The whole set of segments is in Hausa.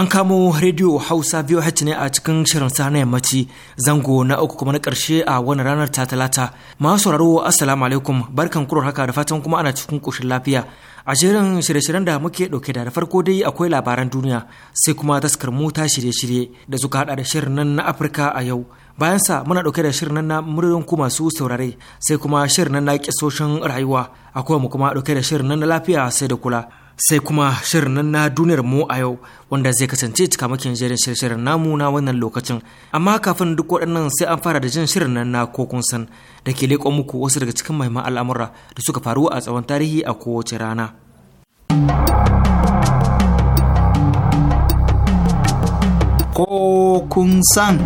An kamo rediyo Hausa VOH ne a cikin shirin sa na yammaci zango na uku kuma na ƙarshe a wani ranar ta talata. Masu sauraro assalamu alaikum barkan kurar haka da fatan kuma ana cikin ƙoshin lafiya. A shirin shirye-shiryen da muke ɗauke da farko dai akwai labaran duniya sai kuma taskar mota shirye-shirye da suka haɗa da shirin nan na Afirka a yau. Bayan sa muna ɗauke da shirin nan na muryoyin kuma masu saurare sai kuma shirin nan na ƙisoshin rayuwa akwai mu kuma ɗauke da shirin nan na lafiya sai da kula. sai kuma shirin nan na duniyar mu a yau wanda zai kasance cikamakin jerin shirin namu na wannan lokacin amma kafin duk waɗannan sai an fara da jin shirin nan na kun san da ke leƙo muku wasu daga cikin mahimman al'amura da suka faru a tsawon tarihi a kowace rana kokun san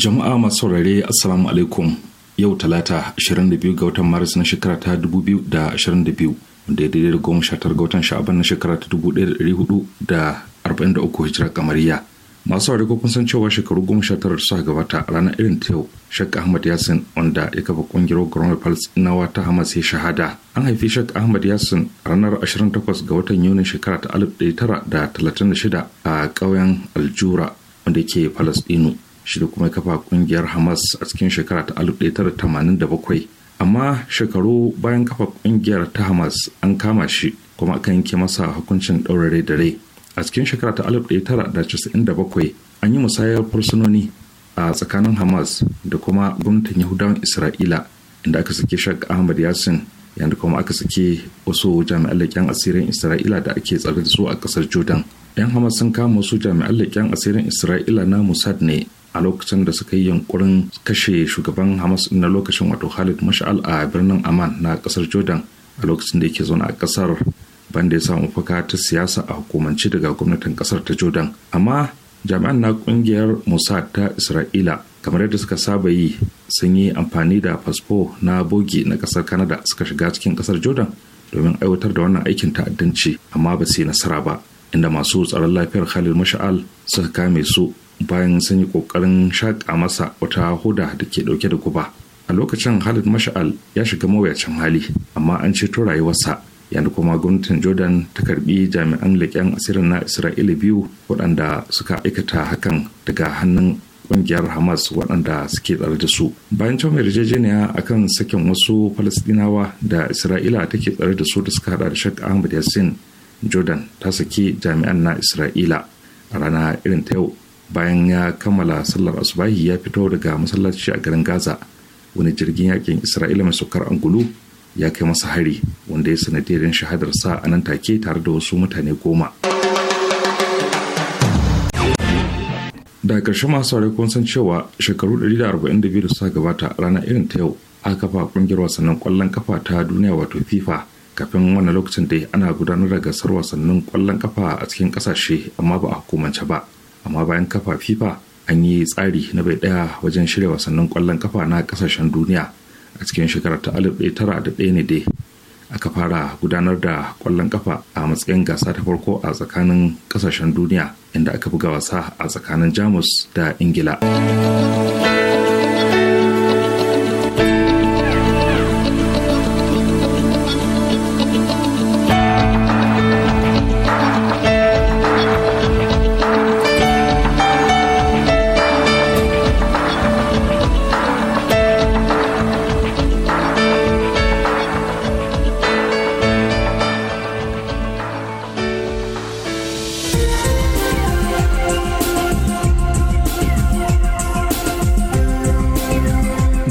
jama'a masu saurare assalamu alaikum yau talata 22 ga watan maris na shekara ta 2022 wanda ya daidai da goma shatar ga watan sha'aban na shekara ta 1443 hijira kamariya masu wari ko kun san cewa shekaru goma sha tara da suka gabata a ranar irin ta yau shakka ahmad yasin wanda ya kafa kungiyar gwamnar na ta hamas ya shahada an haifi shakka ahmad yasin ranar 28 ga watan yunin shekara ta 1936 a ƙauyen aljura wanda ke palestino shi da kuma kafa kungiyar hamas a cikin shekara ta 1987 amma shekaru bayan kafa kungiyar ta hamas an kama shi kuma aka yanke masa hukuncin daurare dare a cikin shekara ta 1997 an yi musayar fursunoni a tsakanin hamas da kuma gwamnatin yahudawan isra'ila inda aka saki shak ahmad yasin yadda kuma aka saki wasu jami'an leƙen asirin isra'ila da ake tsare da su a ƙasar jordan yan hamas sun kama wasu jami'an leƙen asirin isra'ila na musad ne a lokacin da suka yi yunkurin kashe shugaban hamas na lokacin wato khalid mashal a birnin aman na kasar jordan a lokacin da yake zaune a kasar banda ya samu faka ta siyasa a hukumance daga gwamnatin kasar ta jordan amma jami'an na kungiyar mossad ta isra'ila kamar yadda suka saba yi sun yi amfani da fasfo na bogi na kasar kanada suka shiga cikin kasar jordan domin aiwatar da wannan aikin ta'addanci amma ba su yi nasara ba inda masu tsaron lafiyar khalil mashal suka kame su bayan sun yi shak shaƙa masa wata huda da ke dauke da guba a lokacin halid mashal ya shiga mawuyacin hali amma an ceto rayuwarsa yanda kuma gwamnatin jordan ta karbi jami'an leƙen asirin na isra'ila biyu waɗanda suka aikata hakan daga hannun ƙungiyar hamas waɗanda suke tsare da su bayan can yarjejeniya akan sakin wasu falastinawa da isra'ila take tsare da su da suka haɗa da shak ahmad yassin jordan ta saki jami'an na isra'ila a rana irin ta yau bayan ya kammala sallar asubahi ya fito daga masallaci a garin gaza wani jirgin yakin isra'ila mai saukar angulu ya kai masa hari wanda ya sanadiyar shahadar sa a nan take tare da wasu mutane goma daga ƙarshe masu saurari kun san cewa shekaru 142 da suka gabata rana irin ta yau aka kafa kungiyar wasannin kwallon kafa ta duniya wato fifa kafin wannan lokacin dai ana gudanar da gasar wasannin kwallon kafa a cikin ƙasashe amma ba a hukumance ba amma bayan kafa fifa an yi tsari na bai daya wajen shirya wasannin kwallon kafa na kasashen duniya a cikin shekarar ta da ɗaya ne dai aka fara gudanar da kwallon kafa a matsayin gasa ta farko a tsakanin kasashen duniya inda aka buga wasa a tsakanin jamus da ingila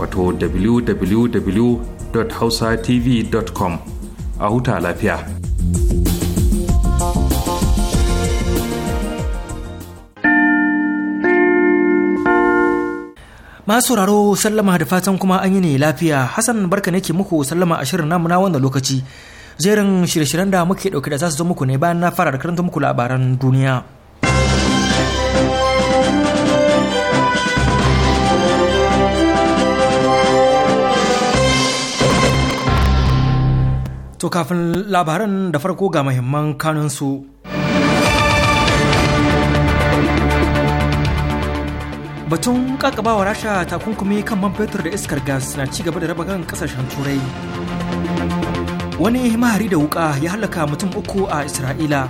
wato www.hausatv.com a huta lafiya. Masu sauraro sallama da fatan kuma an yi ne lafiya Hassan barka ne ke muku sallama a shirin namuna na lokaci. Jerin shirye-shiryen da muke dauke da za su zo muku ne bayan na fara karanta muku labaran duniya. To kafin labaran da farko ga mahimman kanunsu. Batun kakabawa rasha takunkumi kan man fetur da iskar gas na ci gaba da raba kan kasashen turai. Wani mahari da wuka ya halaka mutum uku a Isra'ila.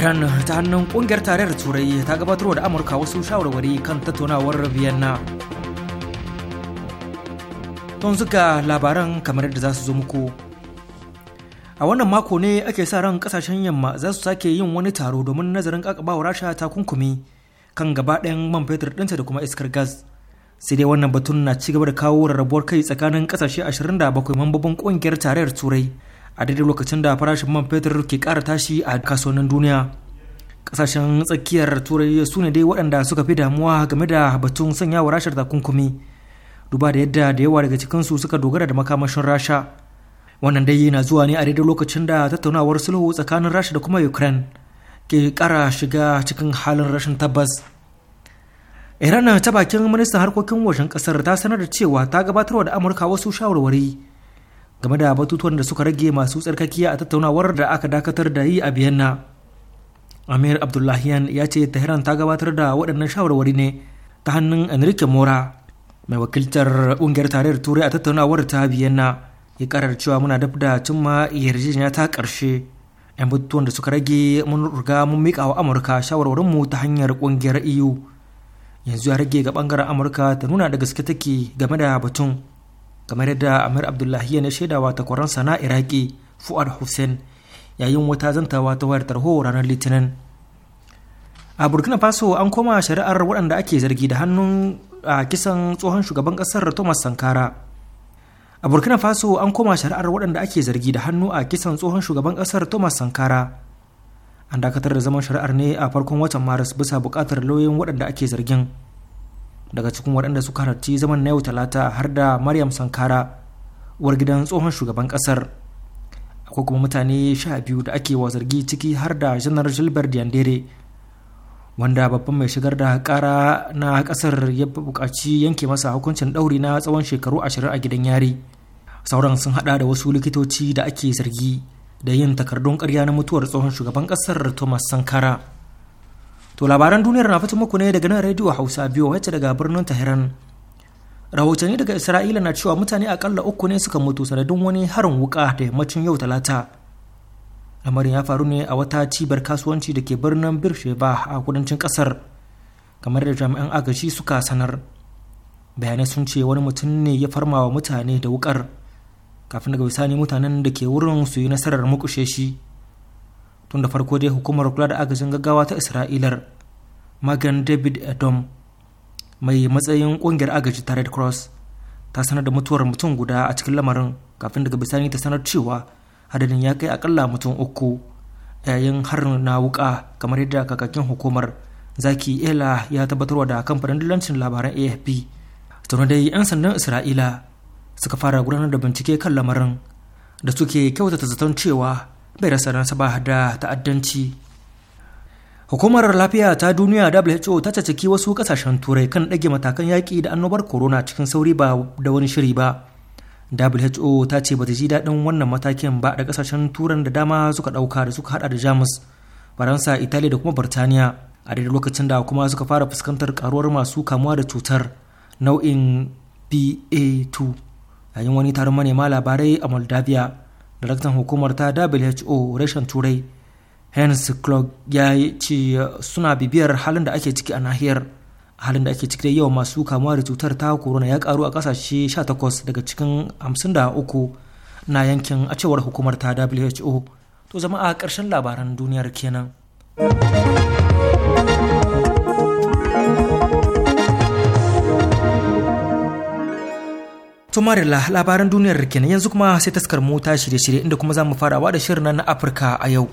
Iran ta hannun kungiyar tarayyar turai ta gabatarwa da Amurka wasu shawarwari kan tattaunawar Vienna. Don zuga labaran kamar yadda za su zo muku. A wannan mako ne ake sa ran kasashen yamma za su sake yin wani taro domin nazarin kakabawa rasha takunkumi kan gaba ɗayan man fetur ɗinta da kuma iskar gas. sai dai wannan batun na ci gaba da kawo rarrabuwar kai tsakanin kasashe bakwai mambobin ƙungiyar tarayyar turai a daidai lokacin da farashin man fetur ke ƙara tashi a kasuwannin duniya kasashen tsakiyar turai su ne dai waɗanda suka fi damuwa game da batun sanyawa rashar takunkumi duba da yadda da yawa daga cikinsu suka dogara da makamashin rasha wannan dai na zuwa ne a daidai lokacin da tattaunawar sulhu tsakanin rasha da kuma ukraine ke kara shiga cikin halin rashin tabbas iran ta bakin ministan harkokin wajen kasar ta sanar da cewa ta gabatarwa da amurka wasu shawarwari game da batutuwan da suka rage masu tsarkakiya a tattaunawar da aka dakatar da yi a biyanna amir abdullahian ya ce tehran ta gabatar da waɗannan shawarwari ne ta hannun enrique mora mai wakiltar ƙungiyar tarayyar turai a tattaunawar ta biyanna ya karar cewa muna dab da cimma yarjejeniya ta karshe yan batutuwan da suka rage mun riga mun mika wa amurka shawarwarinmu ta hanyar ƙungiyar eu yanzu ya rage ga bangaren amurka ta nuna da gaske take game da batun kamar yadda amir abdullahi ya shaidawa takwaransa sana iraki fuad hussein yayin wata zantawa ta wayar tarho ranar litinin a burkina faso an koma shari'ar waɗanda ake zargi da hannun a kisan tsohon shugaban kasar thomas sankara a burkina faso an koma shari'ar waɗanda ake zargi da hannu a kisan tsohon shugaban kasar thomas sankara an dakatar da zaman shari'ar ne a farkon watan maris bisa buƙatar lauyoyin waɗanda ake zargin daga cikin waɗanda suka halarci zaman na yau talata har da maryam sankara uwar gidan tsohon shugaban ƙasar akwai kuma mutane sha biyu da ake wa zargi ciki har da janar gilbert diandere wanda babban mai shigar da kara na kasar ya bukaci yanke masa hukuncin ɗauri na tsawon shekaru ashirin a gidan yari sauran sun hada da wasu likitoci da ake zargi da yin takardun karya na mutuwar tsohon shugaban ƙasar thomas sankara to labaran duniyar na fito muku ne daga nan rediyo hausa biyu wacce daga birnin tehran rahotanni daga isra'ila na cewa mutane akalla uku ne suka mutu sanadin wani harin wuka da yammacin yau talata lamarin ya faru ne a wata cibar kasuwanci da ke birnin birsheba a kudancin kasar kamar da jami'an agaji suka sanar bayanai sun ce wani mutum ne ya farmawa mutane da wukar kafin daga bisani mutanen da ke wurin su yi nasarar mukushe shi tun da farko dai hukumar kula da agajin gaggawa ta isra'ilar magan david adom mai matsayin kungiyar agaji ta red cross ta sanar da mutuwar mutum guda a cikin lamarin kafin daga bisani ta sanar cewa adadin ya kai akalla mutum uku yayin harin na wuka kamar yadda kakakin hukumar zaki ela ya tabbatarwa da kamfanin dillancin labaran afp tuna dai 'yan sandan isra'ila suka fara gudanar da bincike kan lamarin da suke kyautata zaton cewa bai rasa nasaba da ta'addanci hukumar lafiya ta duniya who ta caciki wasu kasashen turai kan ɗage matakan yaƙi da annobar corona cikin sauri ba da wani shiri ba who ta ce ba ta ji daɗin wannan matakin ba da kasashen turan da dama suka ɗauka da suka haɗa da jamus faransa italiya da kuma birtaniya a daidai lokacin da kuma suka fara fuskantar karuwar masu kamuwa da cutar nau'in ba2 yayin wani taron manema labarai a moldavia daraktan hukumar ta who reshen turai hans klog ya ce suna bibiyar halin da ake ciki a nahiyar halin da ake da yawan masu kamuwa da cutar ta corona ya karu a kasashe 18 daga cikin 53 na yankin a cewar hukumar ta WHO to zama a karshen labaran duniyar kenan tumarila labaran duniyar kenan yanzu kuma sai taskar mota shirye-shirye inda kuma za mu farawa da shirin na afirka a yau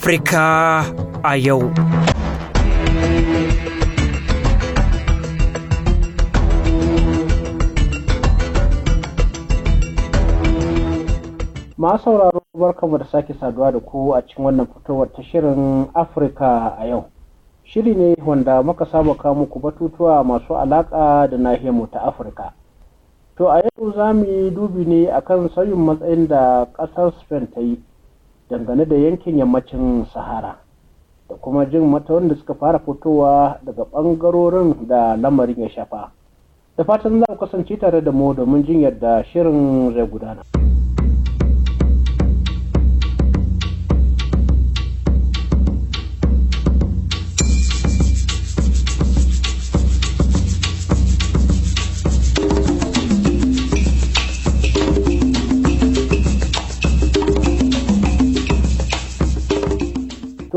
Afrika a yau. Masu sauraro barkamu da sake saduwa da ku a cikin wannan fitowar ta shirin Afirka a yau. Shiri ne wanda muka saba kawo muku batutuwa masu alaƙa da nahiyarmu ta Afirka. To a yau za mu yi dubi ne akan sauyin matsayin da ƙasar Spain ta yi dangane da yankin yammacin sahara da kuma jin mata da suka fara fitowa daga ɓangarorin da lamarin ya shafa da fatan za ku kasance tare da mu domin jin yadda shirin zai gudana.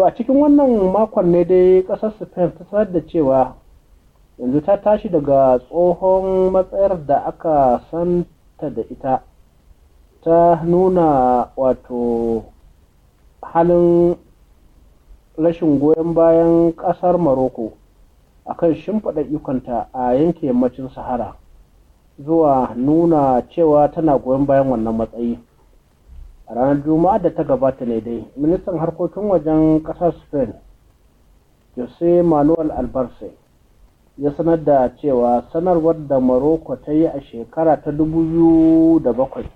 a cikin wannan makon ne dai ƙasar spain ta sanar da cewa yanzu ta tashi daga tsohon matsayar da aka santa da ita ta nuna wato halin rashin goyon bayan ƙasar maroko akan shimfiɗa ikonta a yanke yammacin sahara zuwa nuna cewa tana goyon bayan wannan matsayi ranar juma'a da ta gabata ne dai ministan harkokin wajen kasar spain jose manuel albarce ya sanar da cewa sanarwar da Maroko ta yi a shekara ta dubu biyu da bakwai,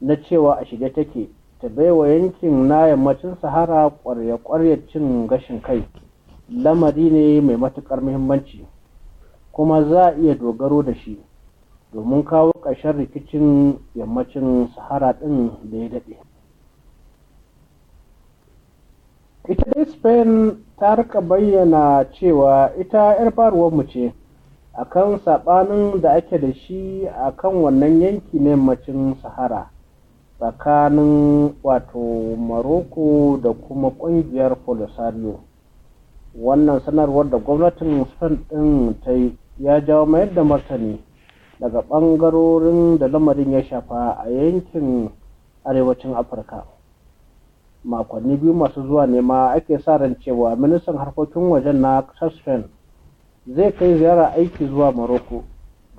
na cewa a shige take ta baiwa yankin na yammacin sahara kwarya-kwarya cin gashin kai lamari ne mai matuƙar muhimmanci kuma za a iya dogaro da shi domin kawo ƙarshen rikicin yammacin sahara ɗin da ya daɗe ita dai spain ta rika bayyana cewa ita 'yar faruwar mu ce a kan saɓanin da ake da shi a kan wannan yanki na yammacin sahara tsakanin wato maroko da kuma ƙungiyar polisario wannan sanarwar da gwamnatin spain ɗin ta yi ya jawo mayar da martani daga ɓangarorin da lamarin ya shafa a yankin arewacin afirka makonni biyu masu zuwa ne ma ake sa ran cewa ministan harkokin wajen na ƙasar spain zai kai ziyara aiki zuwa Maroko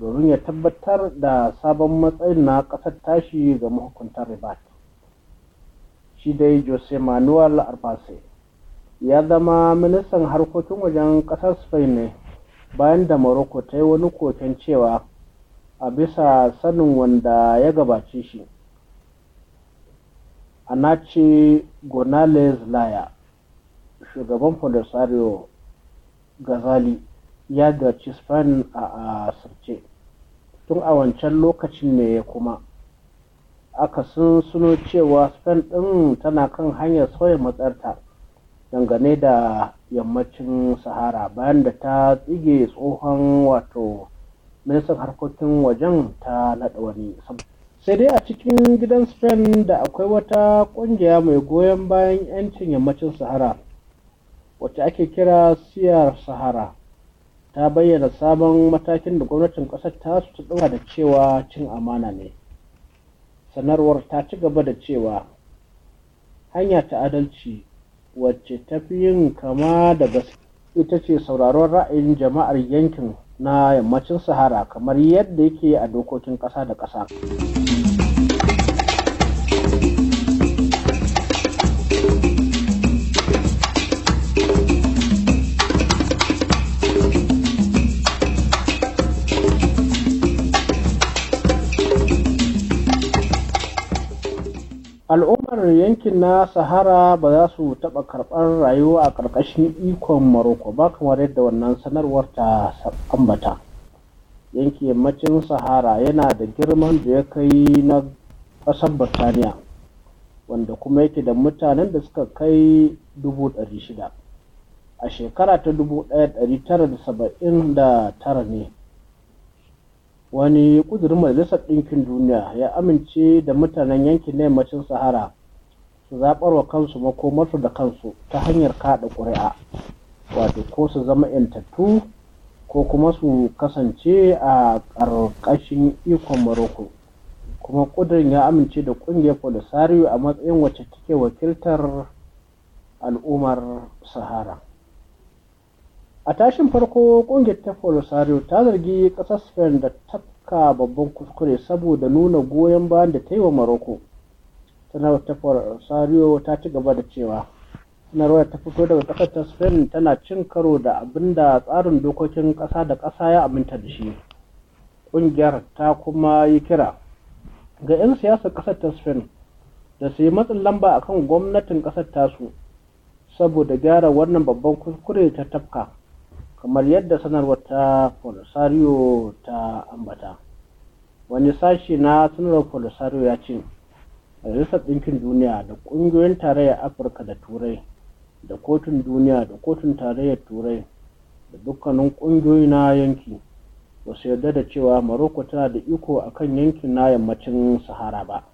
domin ya tabbatar da sabon matsayin na ƙasar tashi ga mahukuntar ribat shi dai jose manuel arbase ya zama ministan harkokin wajen ƙasar spain ne bayan da Maroko ta yi wani koken cewa a bisa sanin wanda ya gabace shi anace gonales laya shugaban polisario gazali ya gaci spain a asirce tun a wancan lokacin ne kuma aka sun suno cewa spain ɗin tana kan hanyar sauya matsarta dangane da yammacin sahara bayan da ta tsige tsohon wato ministan harkokin wajen ta naɗa wani sai dai a cikin gidan spain da akwai wata ƙungiya mai goyon bayan 'yancin yammacin sahara wacce ake kira siyar sahara ta bayyana sabon matakin da gwamnatin ƙasar ta su ta da cewa cin amana ne sanarwar ta ci gaba da cewa hanya ta adalci wacce ta fi yin kama da gaske ita ce sauraron ra'ayin jama'ar yankin na yammacin sahara kamar yadda yake a dokokin ƙasa da ƙasa. al'ummar yankin na sahara ba za su taɓa karɓar rayuwa a ƙarƙashin ikon maroko ba kamar yadda wannan sanarwar ta ambata yankin yammacin sahara yana da girman da ya kai na ƙasar birtaniya wanda kuma yake da mutanen da suka kai shida a shekara ta da tara ne wani ƙudirin majalisar ɗinkin duniya ya amince da mutanen yankin na yammacin sahara su zaɓar wa kansu makomarsu da kansu ta hanyar kaɗa ƙuri'a wato ko su zama 'yantattu ko kuma su kasance a ƙarƙashin ikon maroko kuma ƙudurin ya amince da ƙungiyar polisario a matsayin wacce take wakiltar al'ummar sahara a tashin farko ƙungiyar ta polisario ta zargi ƙasar spain da tafka babban kuskure saboda nuna goyon bayan da ta yi wa morocco sanarwar ta polisario ta ci gaba da cewa sanarwar ta fito daga ƙasar ta spain tana cin karo da abin da tsarin dokokin ƙasa da ƙasa ya aminta da shi Ƙungiyar ta kuma yi kira ga 'yan siyasar ƙasar ta spain da su yi matsin lamba akan gwamnatin ƙasar tasu saboda gyara wannan babban kuskure ta tafka kamar yadda sanarwar ta polisario ta ambata wani sashe na sanarwar polisario ya ce majalisar ɗinkin duniya da ƙungiyoyin tarayyar afirka da turai da kotun duniya da kotun tarayyar turai da dukkanin ƙungiyoyi na yanki ba su yarda da cewa maroko tana da iko akan yankin na yammacin sahara ba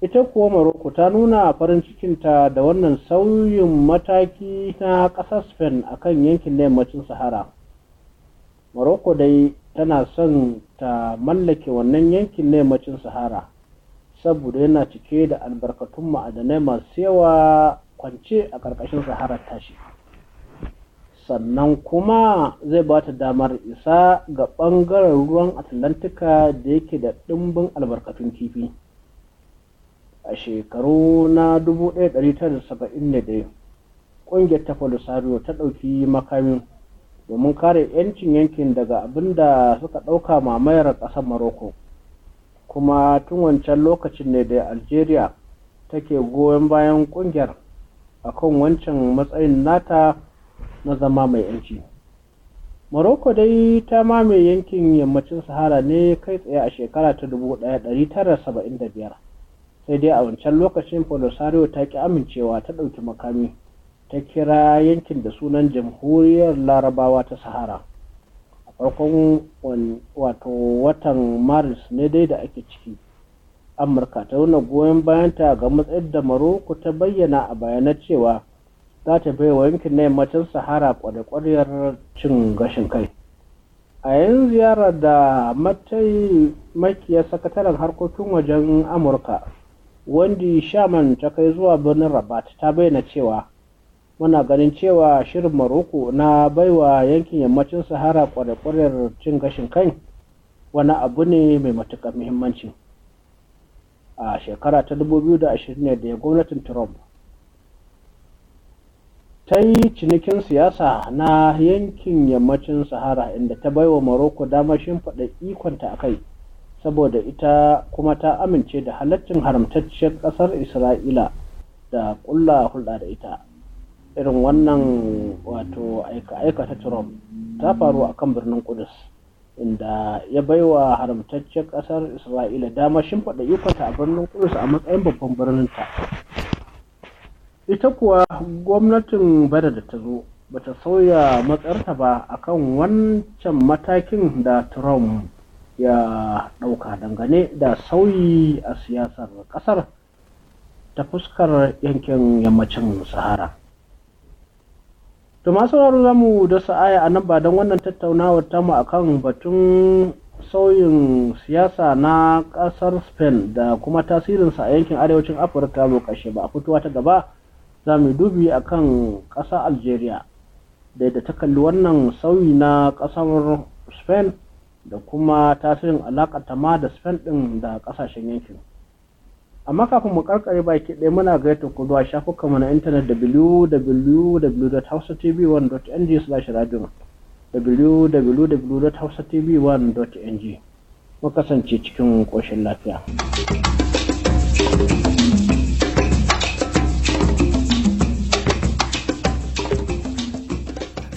ita kuwa Maroko ta nuna farin cikinta da wannan sauyin mataki na ƙasar Spain a kan yankin na yammacin Sahara. Maroko dai tana son ta mallake wannan yankin na yammacin Sahara saboda yana cike da albarkatun ma'adanai masu yawa kwance a ƙarƙashin Sahara tashi. Sannan kuma zai bata damar isa ga ɓangaren ruwan Atlantika da yake da ɗimbin albarkatun kifi. a shekaru na 1971 ƙungiyar ta polisario ta ɗauki makamin domin kare 'yancin yankin daga abin da suka ɗauka mamayar ƙasar Maroko, kuma tun wancan lokacin ne da algeria take goyon bayan ƙungiyar a kan wancan matsayin nata na zama mai 'yanci Maroko dai ta mamaye yankin yammacin sahara ne kai tsaye a shekara ta 1975 sai dai a wancan lokacin polisario ta ki amincewa ta ɗauki makami ta kira yankin da sunan jamhuriyar larabawa ta sahara a farkon wato watan maris ne dai da ake ciki amurka ta nuna goyon bayanta ga matsayin da maroko ta bayyana a bayanan cewa za ta bai wa yankin na yammacin sahara kwadakwadiyar cin gashin kai a yin ziyarar da matai makiya sakataren harkokin wajen amurka wendy shaman ta kai zuwa birnin rabat ta bayyana cewa muna ganin cewa shirin maroko na baiwa yankin yammacin sahara kwarekwarar cin gashin kai wani abu ne mai matuƙar muhimmanci a shekara ta 2020 da ya gwamnatin trump ta yi cinikin siyasa na yankin yammacin sahara inda ta baiwa maroko damar shimfiɗa ikonta a kai saboda ita kuma ta amince da halaccin haramtacciyar ƙasar isra'ila da ƙulla hulɗa da ita irin wannan wato aika-aika ta trump ta faru a kan birnin kudus inda ya baiwa haramtacciyar ƙasar isra'ila dama shimfiɗa ikonta a birnin kudus a matsayin babban birninta ita kuwa gwamnatin bada da ta zo bata sauya matsarta ba akan wancan matakin da trump ya ɗauka dangane da sauyi a siyasar ƙasar ta fuskar yankin yammacin sahara to masu za mu da sa'aya a nan ba don wannan tattaunawar tamu akan batun sauyin siyasa na ƙasar spain da kuma tasirinsa a yankin arewacin afirka mu kashe ba a fitowa ta gaba za mu dubi akan ƙasa algeria da yadda ta kalli wannan sauyi na ƙasar spain da kuma tasirin alaƙa ta ma da spain ɗin da ƙasashen yankin amma kafin mu ƙarƙare baki ɗaya muna gaita ku zuwa mu na intanet www.hausatv1.ng slash radio www.hausatv1.ng mu kasance cikin ƙoshin lafiya.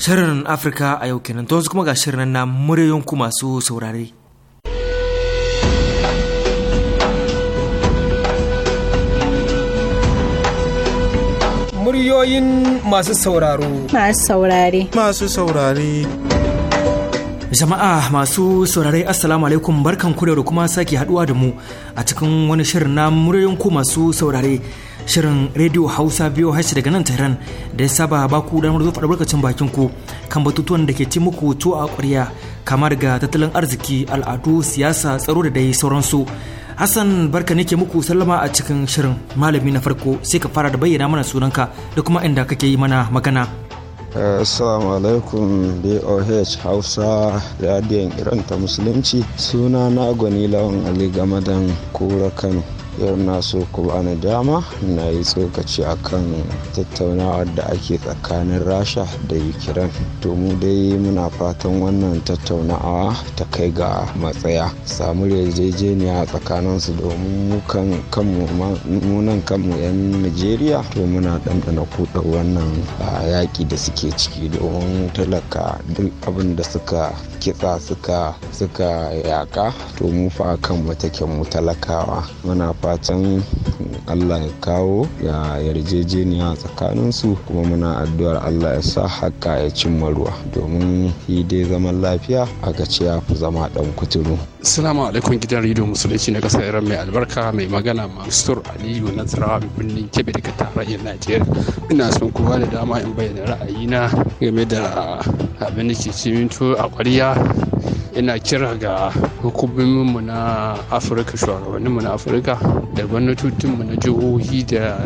Shirin Afirka a yau kenan to kuma ga shirin na muryoyin ku masu saurare. Muryoyin masu sauraro. Masu saurare. Masu saurare. Jama'a masu saurare Assalamu alaikum barkan da kuma sake haduwa da mu a cikin wani shirin na muryoyin ku masu saurare shirin rediyo hausa biyu hashi daga nan tehran da ya saba ba ku damar zuwa barkacin bakin ku kan batutuwan da ke ci muku tuwo a ƙwarya kamar ga tattalin arziki al'adu siyasa tsaro da dai sauransu hassan barka ne ke muku sallama a cikin shirin malami na farko sai ka fara da bayyana mana sunanka da kuma inda kake yi mana magana eh, Assalamu alaikum BOH Hausa Radiyon Iran ta Musulunci suna na gwani lawan Ali Gamadan Kura Kano. yau na so ku bani dama na yi tsokaci akan tattaunawar da ake tsakanin rasha da ukraine to mu dai muna fatan wannan tattaunawa ta kai ga matsaya samu yarjejeniya tsakaninsu domin mukan kanmu munan kanmu 'yan najeriya to muna ɗanɗana kuɗa wannan yaƙi da suke ciki domin talaka duk abin da suka kitsa suka suka yaƙa to mu fa kan mu mu talakawa muna fatan allah ya kawo ya yarjejeniya tsakaninsu kuma muna addu'ar allah ya sa haka ya cimma ruwa domin yi dai zaman lafiya a ce ya fi zama ɗan kuturu salamu alaikum gidan rediyo musulunci na ƙasar iran mai albarka mai magana mastur aliyu na tsirawa birnin kebe daga tarayyar najeriya ina son kowa da dama in bayyana ra'ayina game da abin da ke cimintu a ƙwarya ina kira ga hukumominmu na afirka shugabanninmu na afirka da gwamnatocinmu na jihohi da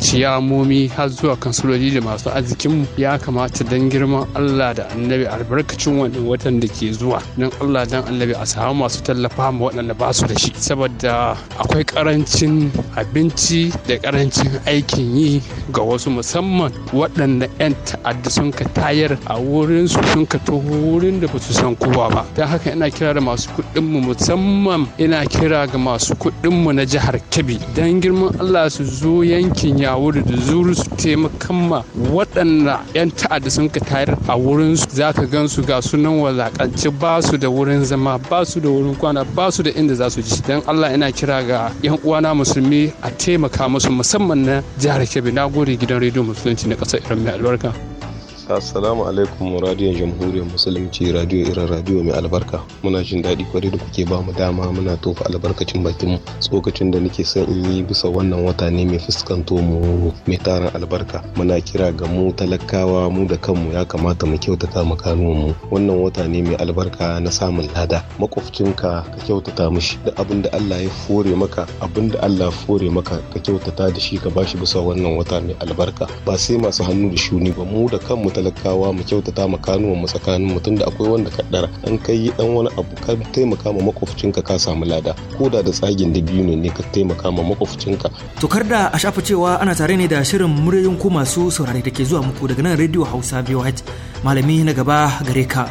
ciyamomi har zuwa kansuloli da masu mu ya kamata don girman Allah da annabi albarkacin wannan watan da ke zuwa don Allah don annabi a samu masu tallafa ma waɗanda ba su da shi saboda akwai karancin abinci da karancin aikin yi ga wasu musamman waɗanda 'yan ta'adda sun ka tayar a wurin su sun ka taho wurin da ba su san kowa ba don haka ina kira da masu kuɗinmu musamman ina kira ga masu kuɗinmu na jihar Kebbi don girman Allah su zo yankin ya ya wuri da zuru su taimakama ma waɗanda 'yan ta'adda sun ka tayar a wurin su za ka gan su ga sunan wazakance ba su da wurin zama ba su da wurin kwana ba su da inda za su ji dan Allah ina kira ga 'yan uwana musulmi a taimaka musu musamman na jihar Kebbi na gode gidan rediyo musulunci na ƙasar Iran mai albarka. Assalamu alaikum radiyon jamhuriyar musulunci radiyo irin radiyo mai albarka muna jin daɗi kwarai da kuke ba mu dama muna tofa albarkacin bakinmu tsokacin da nake son in yi bisa wannan wata ne mai fuskanto mu mai tarin albarka muna kira ga mu talakawa mu da kanmu ya kamata mu kyautata mu mu wannan wata ne mai albarka na samun lada makwabcinka ka kyautata mishi da abin da Allah ya fore maka abin da Allah ya fore maka ka kyautata da shi ka bashi bisa wannan wata mai albarka ba sai masu hannu da shuni ba mu da kanmu talakawa mu kyautata ma kanuwan mu tsakanin mutum da akwai wanda ka dara an kai yi dan wani abu ka taimaka ma makwabcinka ka ka samu lada ko da da tsagin da biyu ne ka taimaka ma ka. to da a shafa cewa ana tare ne da shirin muryoyin ku masu saurare da ke zuwa muku daga nan radio Hausa VOH malami na gaba gare ka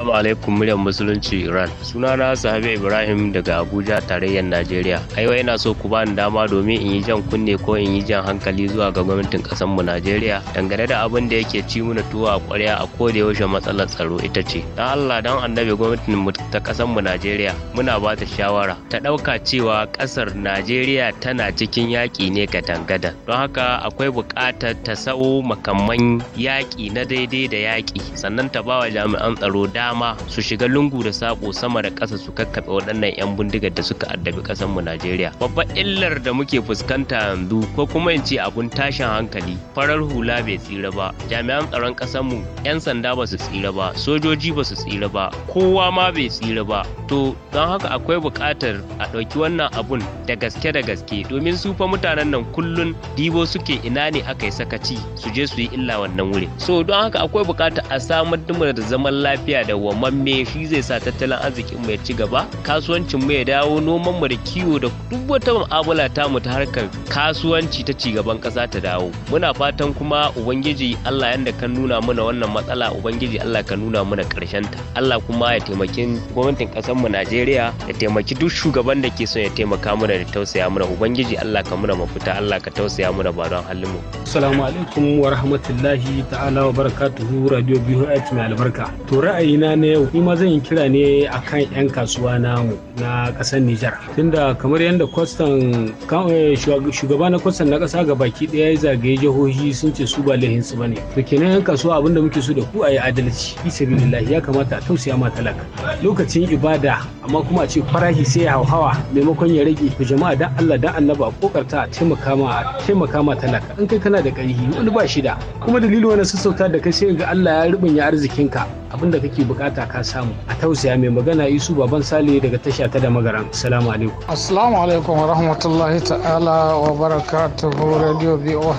Assalamu alaikum muryar musulunci Iran. Sunana Sahabi Ibrahim daga Abuja tarayyar Najeriya. Aiwa yana so ku bani dama domin in yi jan kunne ko in yi jan hankali zuwa ga gwamnatin ƙasar mu Najeriya dangane da abin da yake ci mana tuwo a ƙwarya a koda yaushe matsalar tsaro ita ce. Dan Allah dan annabi gwamnatin mu ta kasar mu Najeriya muna ba ta shawara ta ɗauka cewa ƙasar Najeriya tana cikin yaƙi ne katangada. Don haka akwai buƙatar ta sa'o makamman yaƙi na daidai da yaƙi sannan ta bawa jami'an tsaro dama dama su shiga lungu da sako sama da ƙasa su kakkaɓe waɗannan 'yan bindigar da suka addabi ƙasar mu Najeriya. Babbar illar da muke fuskanta yanzu ko kuma in ce abun tashin hankali farar hula bai tsira ba jami'an tsaron ƙasar mu 'yan sanda ba su tsira ba sojoji ba su tsira ba kowa ma bai tsira ba to don haka akwai buƙatar a ɗauki wannan abun da gaske da gaske domin su fa mutanen nan kullun dibo suke ina ne aka yi sakaci su je su yi illa wannan wuri so don haka akwai buƙatar a samar da zaman lafiya da dawwamamme shi zai sa tattalin arzikin mu ya ci gaba kasuwancin mu ya dawo noman mu da kiwo da duk wata mu'amala ta mu ta harkar kasuwanci ta ci gaban ƙasa ta dawo muna fatan kuma ubangiji Allah yanda kan nuna mana wannan matsala ubangiji Allah ka nuna mana ƙarshen ta Allah kuma ya taimaki gwamnatin kasar mu Najeriya ya taimaki duk shugaban da ke son ya taimaka mana da tausaya mana ubangiji Allah ka muna mafita Allah ka tausaya mana ba don halin mu assalamu alaikum wa rahmatullahi ta'ala wa barakatuhu radio biyu mai albarka to ra'ayi na na yau ni ma zan yi kira ne akan 'yan kasuwa mu na kasar Nijar. Tunda kamar yadda kwastan eh, shugaba na kwastan na kasa ga baki ɗaya ya zagaye jihohi sun ce su ba lahin su bane. To kenan 'yan kasuwa abin da muke so da ku a yi adalci. Isa ya kamata a tausaya ma talaka. Lokacin ibada amma kuma a ce farahi sai ya hauhawa maimakon ya rage. To jama'a dan Allah dan Annaba a kokarta a taimaka ma a taimaka ma talaka. In kai kana da ƙarfi wani ba shi da. Kuma dalilin wani sassauta da kai sai ga Allah ya rubunya arzikinka. Abin da kake bukata ka samu a tausaya mai magana isu baban sale daga tasha ta da magaran assalamu alaikum assalamu alaikum wa rahmatullahi ta'ala wa barakatuhu radio boh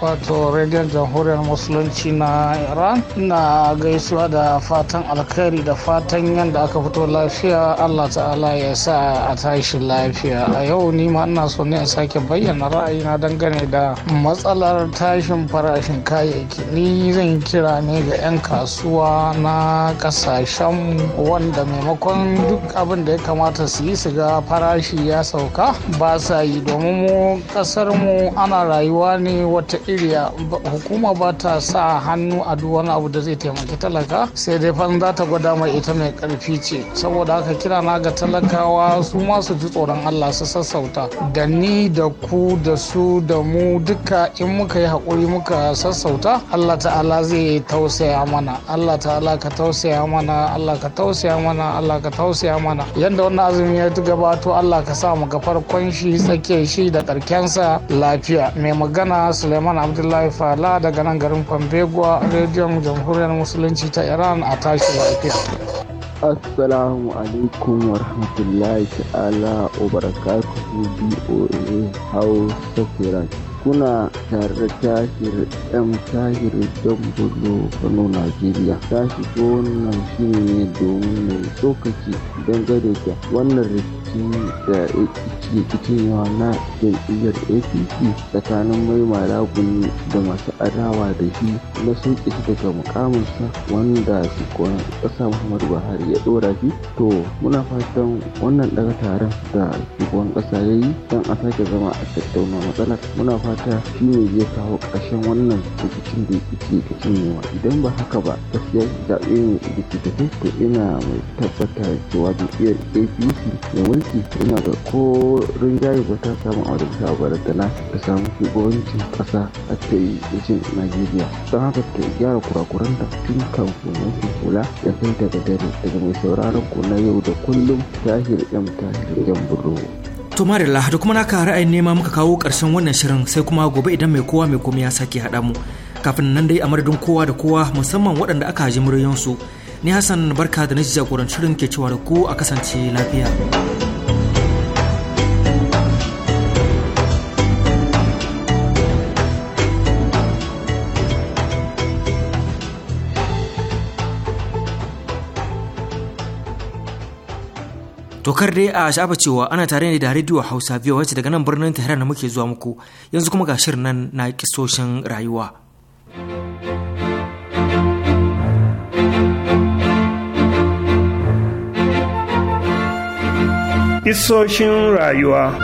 wato radio jamhuriyar musulunci na iran ina gaisuwa da fatan alkhairi da fatan yadda aka fito lafiya allah ta'ala ya sa a tashi lafiya a yau ni ma ina so ne in sake bayyana ra'ayina dangane da matsalar tashin farashin kayayyaki ni zan kira ne ga 'yan kasuwa na kasashen wanda maimakon duk abin da ya kamata su yi su ga farashi ya sauka ba sa yi domin mu kasar mu ana rayuwa ne wata iriya hukuma ba ta sa hannu a duk wani abu da zai taimaki talaka sai dai fan za ta gwada mai ita mai karfi ce saboda haka kira na ga talakawa su ma su ji tsoron Allah su sassauta da ni da ku da su da mu duka in muka yi hakuri muka sassauta Allah ta'ala zai tausaya mana Allah ta'ala ka tausaya mana Allah ka tausaya mana Allah ka tausaya mana yadda wannan azumi ya gabato Allah ka sa mu ga shi tsakiyar shi da sa lafiya mai magana Suleiman Abdullahi Fala daga nan garin Fambegwa rediyon jamhuriyar musulunci ta Iran a tashi lafiya. Assalamu alaikum wa rahmatullahi ta'ala wa barakatuhu BOA Hausa Firanci. kuna tare da tahir m tahir don bulo kano najeriya ta ko wannan shi ne domin mai tsokaci dangane da wannan rikici da ya ke cewa na jam'iyyar apc tsakanin mai malaguni da masu adawa da shi na sauƙi daga mukaminsa wanda su kwanan ƙasa muhammadu buhari ya ɗora shi to muna fatan wannan daga taron da shugaban ƙasa ya yi don a sake zama a tattauna matsalar muna fatan mata shi ne zai kawo ƙarshen wannan rikicin da yake da cinyewa idan ba haka ba gaskiya zaɓe ne da ke tafi to ina mai tabbata cewa iya apc mai mulki ina ga ko rinjaye ba ta samu a wadda ta barazana ta samu shugabancin ƙasa a cikin najeriya don haka ta gyara kurakuran da tun kafin mulkin kula ya kai daga dare daga mai sauraron ku na yau da kullum tahir yan tahir yan bulo. To Marilla da kuma naka ra'ayin nema muka kawo ƙarshen wannan shirin sai kuma gobe idan mai kowa mai komai ya sake haɗa mu. Kafin nan dai a madadin kowa da kowa musamman waɗanda aka ji muryansu. Ni Hassan barka da na jagorancin shirin ke cewa da ku a kasance lafiya. To kar dai a shafa cewa ana tare ne da rediyo Hausa biyu wacce daga nan birnin Tehran da muke zuwa muku yanzu kuma ga shirin nan na kisoshin rayuwa. Isoshin rayuwa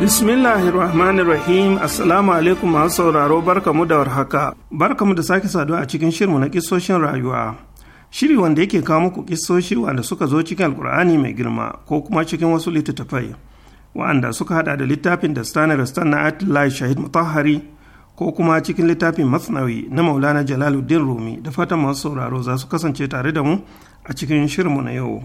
Bismillahirrahmanirrahim Assalamu alaikum masu sauraro barkamu da warhaka. Barkamu da sake saduwa a cikin shirmu na kisoshin rayuwa. Shiri wanda yake kawo muku kisoshi wanda suka zo cikin Alkur'ani mai girma ko kuma cikin wasu littattafai. Wa'anda suka hada da littafin da stanar stan na Atlas Shahid Mutahari ko kuma cikin littafin Masnawi na Maulana Jalaluddin Rumi da fatan masu sauraro za su kasance tare da mu a cikin shirmu na yau.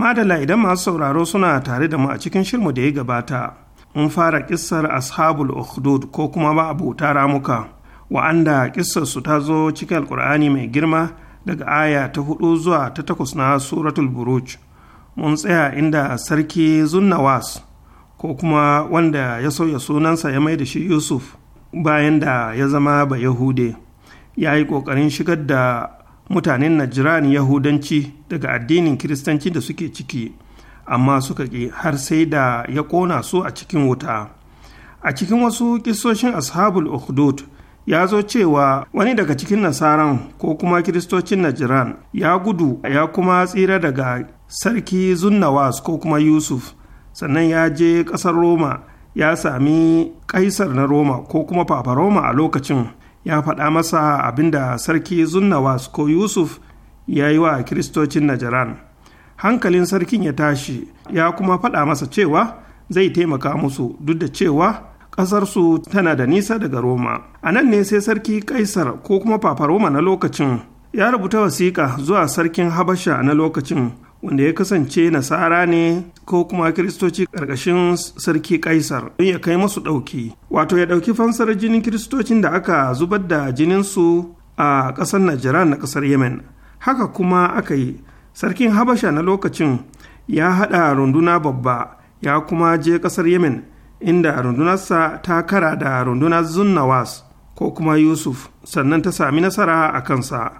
madala idan masu sauraro suna tare da mu a cikin shirmu da ya gabata mun fara ƙisar ashabul ukhdud ko kuma ba ta ramuka wa'anda su ta zo cikin Alƙur'ani mai girma daga aya ta hudu zuwa ta takwas na suratul buruj mun tsaya inda sarki zunnawas ko kuma wanda ya sauya sunansa ya mai da shi yusuf bayan da ya zama ba yahude ya yi ƙoƙarin shigar da mutanen najran yahudanci daga addinin kiristanci da suke ciki amma suka ƙi har sai da ya ƙona su a cikin wuta a cikin wasu kisoshin ashabul ukhdud ya zo cewa wani daga cikin nasaran ko kuma kiristocin Najiran ya gudu ya kuma tsira daga sarki zunnawas ko kuma yusuf sannan ya je ƙasar roma ya sami kaisar na roma ko kuma papa roma a lokacin ya faɗa masa abinda sarki zunnawas ko yusuf ya yi wa kiristocin najaran hankalin sarkin ya tashi ya kuma faɗa masa cewa zai taimaka musu duk da cewa ƙasarsu tana da nisa daga Roma. A nan ne sai sarki Kaisar ko kuma Papa Roma na lokacin ya rubuta wasiƙa zuwa sarkin Habasha na lokacin wanda ya kasance nasara ne ko kuma kiristoci ƙarƙashin sarki kaisar don ya kai masu ɗauki wato ya ɗauki fansar jinin kiristocin da aka zubar da jininsu a ƙasar najeriya na ƙasar yemen haka kuma aka yi sarkin habasha na lokacin ya haɗa runduna babba ya kuma je ƙasar yemen inda rundunarsa ta kara da rundunar zunnawas ko kuma yusuf sannan ta sami nasara a kansa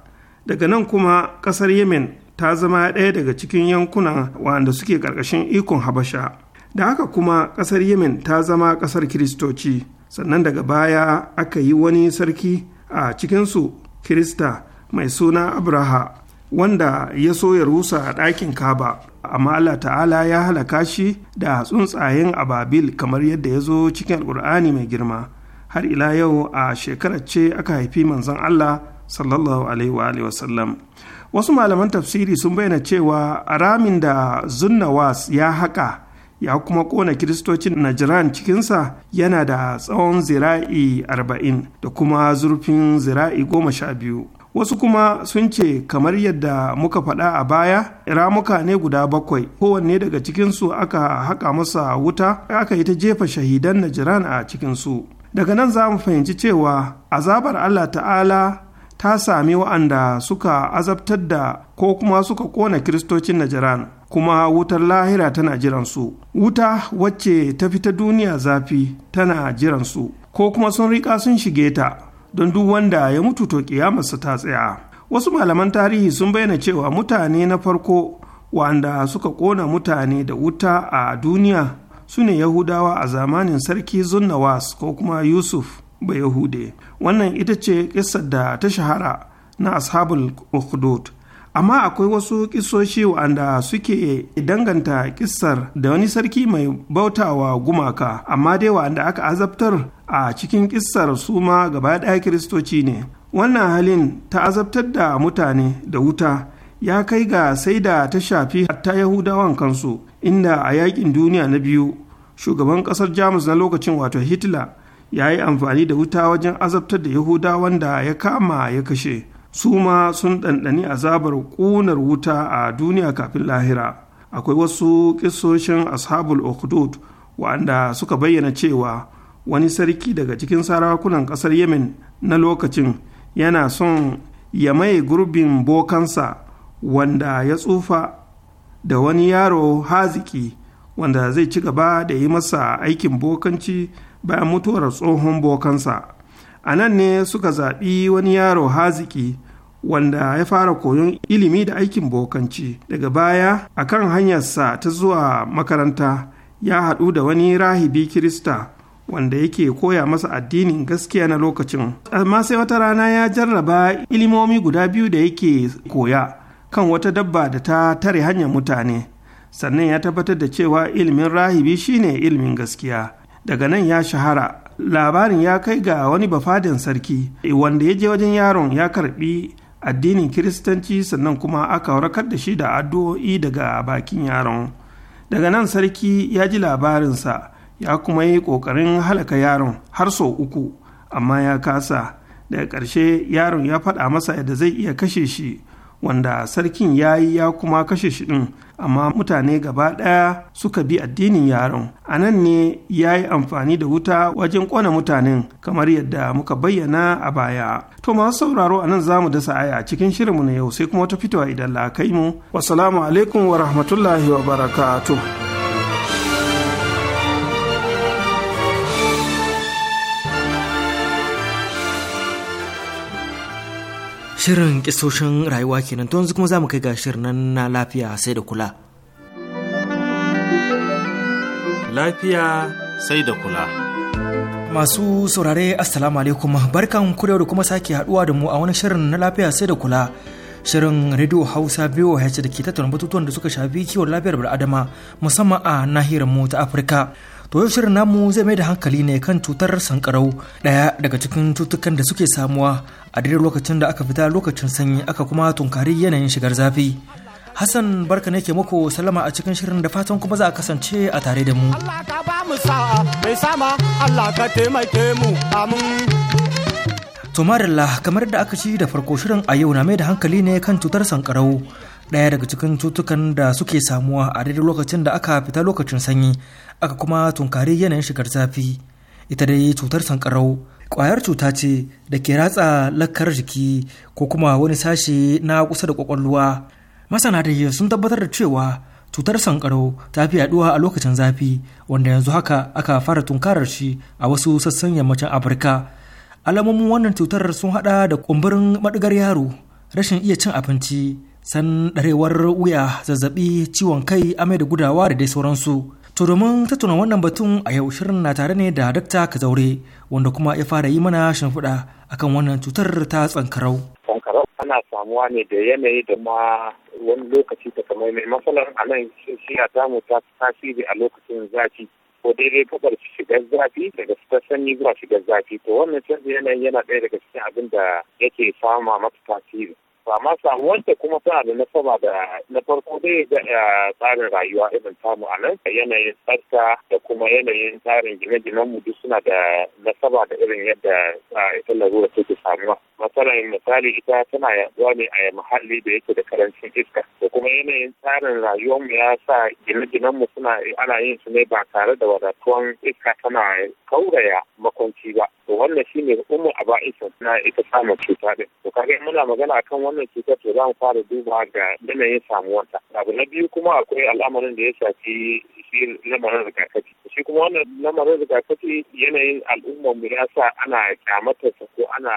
daga nan kuma ƙasar yemen ta zama ɗaya daga cikin yankunan wanda suke ƙarƙashin ikon habasha da haka kuma ƙasar yemen ta zama ƙasar kiristoci sannan daga baya aka yi wani sarki a cikinsu kirista mai suna abraha wanda ya so ya rusa a ɗakin kaba amma allah ta'ala ya halaka shi da tsuntsayen ababil kamar yadda ya zo cikin alkur'ani mai girma har ila yau a shekarar ce aka haifi manzon allah sallallahu alaihi wa sallam wasu malaman tafsiri sun bayyana cewa a ramin da zunnawas ya haƙa ya kuma ƙona kiristocin najiran cikinsa yana da tsawon zira'i arba'in da kuma zurfin zira'i goma sha wasu kuma sun ce kamar yadda muka faɗa a baya ramuka ne guda bakwai kowanne daga cikinsu aka haƙa masa wuta aka yi ta jefa shahidan najiran a cikinsu daga nan za mu fahimci cewa azabar allah ta'ala ta sami wa'anda suka azabtar da ko kuma suka kona kiristocin najaran kuma wutar lahira tana jiransu wuta wacce ta fita duniya zafi tana jiransu ko kuma sun riƙa sun shige ta don duk wanda ya mutu to kiyamarsa ta tsaya wasu malaman tarihi sun bayyana cewa mutane na farko wa'anda suka kona mutane da wuta a duniya su ne yahudawa a zamanin sarki zunnawas ko kuma yusuf ba yahude wannan ita ce ƙisar da ta shahara na ashabul ukhdud amma akwai wasu kisoshi wa'anda suke danganta kissar da wani sarki mai bautawa gumaka amma dai wa'anda aka azabtar a cikin kissar su ma gaba ɗaya kiristoci ne wannan halin ta azabtar da mutane da wuta ya kai ga sai da ta shafi hatta yahudawan kansu inda a yakin duniya na biyu shugaban ƙasar jamus na lokacin wato hitler ya yi amfani da wuta wajen azabtar da yahuda wanda ya kama ya kashe su ma sun ɗanɗani azabar ƙunar wuta a duniya kafin lahira akwai wasu ƙisoshin ashabul okhdud wa'anda suka bayyana cewa wani sarki daga cikin sarakunan ƙasar yemen na lokacin yana son ya maye gurbin bokansa wanda ya tsufa da wani yaro haziki wanda zai ci gaba da yi masa aikin bokanci bayan mutuwar tsohon bokansa a nan ne suka zaɓi wani yaro haziki wanda ya fara koyon ilimi da aikin bokanci daga baya a kan hanyarsa ta zuwa makaranta ya haɗu da wani rahibi kirista wanda yake koya masa addinin gaskiya na lokacin amma sai wata rana ya jarraba ilimomi guda biyu da yake koya kan wata dabba da ta tare hanyar mutane sannan ya tabbatar da cewa ilimin rahibi shine ilimin gaskiya daga nan ya shahara labarin ya kai ga wani bafadin sarki eh, wanda ya je wajen yaron ya karbi addinin kiristanci sannan kuma aka warkar da shi da addu'o'i daga bakin yaron daga nan sarki ya ji labarinsa ya kuma yi ƙoƙarin halaka yaron har sau uku amma ya kasa daga ƙarshe yaron ya faɗa masa yadda zai iya kashe shi wanda sarkin ya yi ya kuma kashe shi ɗin amma mutane gaba ɗaya suka bi addinin yaron a nan ne ya yi amfani da wuta wajen ƙona mutanen kamar yadda muka bayyana a baya to masu sauraro a nan zamu dasa aya a cikin shirinmu na yau sai kuma wata fitowa idan la'akai mu wasalamu alaikum wa rahmatullahi wa barakatuh Shirin kisoshin rayuwa kenan to yanzu kuma za mu kai ga shirin na lafiya sai da kula. Lafiya sai da kula. Masu saurare Assalamu alaikum barkan ku da kuma sake haduwa da mu a wani shirin na lafiya sai da kula. Shirin Radio Hausa ce da ke tattalin batutuwan da suka shafi kiwon lafiyar bil'adama musamman a nahiyar mu ta Afirka. To yau shirin namu zai mai da hankali ne kan cutar sankarau ɗaya daga cikin cutukan da suke samuwa a daidai lokacin da aka fita lokacin sanyi aka kuma tunkari yanayin shigar zafi. Hassan barka ne ke muku salama a cikin shirin da fatan kuma za a kasance a tare da mu. Allah ka kamar da aka ci da farko shirin a yau na mai da hankali ne kan cutar sankarau ɗaya daga cikin cutukan da suke samuwa a daidai lokacin da aka fita lokacin sanyi aka kuma tunkari yanayin shigar zafi ita dai cutar sankarau ƙwayar cuta ce da ke ratsa lakkar jiki ko kuma wani sashe na kusa da ƙwaƙwalwa masana da sun tabbatar da cewa cutar sankarau ta fi yaduwa a lokacin zafi wanda yanzu haka aka fara tunkarar shi a wasu sassan yammacin afirka alamomin wannan cutar sun haɗa da kumburin maɗigar yaro rashin iya cin abinci san ɗarewar wuya zazzabi ciwon kai amai da gudawa da dai sauransu to domin tattauna wannan batun a yau shirin na tare ne da dakta kazaure wanda kuma ya fara yi mana shimfiɗa akan wannan cutar ta tsankarau tsankarau ana samuwa ne da yanayi da ma wani lokaci ta kamar mai matsalar a nan shi a samu ta tasiri a lokacin zafi ko daidai gabar shigar zafi daga fitar sanyi zuwa shigar zafi to wannan canjin yanayi yana ɗaya daga cikin abin da yake fama mata tasiri ma samu wanda kuma tana da nasaba da na farko dai da eh, tsarin rayuwa irin tamu a nan yanayin tsarta da kuma yanayin tsarin gine-ginen mu duk suna da nasaba da irin yadda ita larura take samuwa matsalar misali ita tana yaduwa ne a muhalli da yake da karancin iska da kuma yanayin tsarin rayuwar mu ya sa gine-ginen mu suna ana yin su ne ba tare da wadatuwan iska tana kauraya makwanci ba to wannan shine umu ba'isa na ita samun cuta din to kaga muna magana akan wannan cutar to za mu fara duba ga yanayin ta abu na biyu kuma akwai al'amarin da ya shafi shi lamarin rigakafi shi kuma wannan lamarin rigakafi yanayin al'ummar mu ya sa ana kyamatar sa ko ana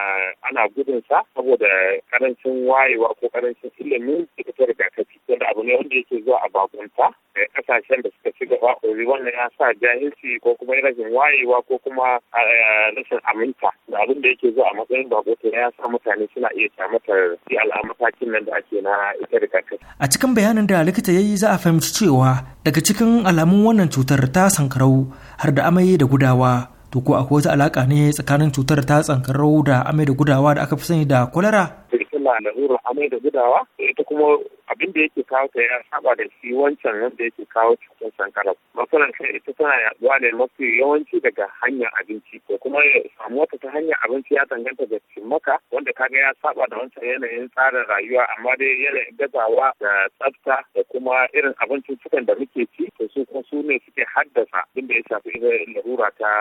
ana gudun sa saboda karancin wayewa ko karancin ilimin ita rigakafi wanda abu ne wanda yake zuwa a bakunta da kasashen da suka ci gaba ori wannan ya sa jahilci ko kuma rashin wayewa ko kuma eh, rashin aminta da abin da yake zuwa a matsayin bako ya sa mutane suna iya kyamatar matakin nan da ake na ita rigakafi. A cikin bayanin da likita ya yi za a fahimci cewa daga cikin alamun wannan cutar ta sankarau har da amai da gudawa. To ko akwai wata alaƙa ne tsakanin cutar ta sankarau da amai da gudawa da aka fi sani da kwalara? birkila na nuru amai da gudawa ita kuma abin da yake kawo ta ya saba da shi wancan da yake kawo cikin sankara matsalar kai ita tana yaduwa ne mafi yawanci daga hanyar abinci ko kuma ya samu wata ta hanyar abinci ya danganta da cimmaka wanda kaga ya saba da wancan yanayin tsarin rayuwa amma dai yanayin gazawa da tsafta da kuma irin abincin sukan da muke ci to su kuma su ne suke haddasa abin da ya shafi irin larura ta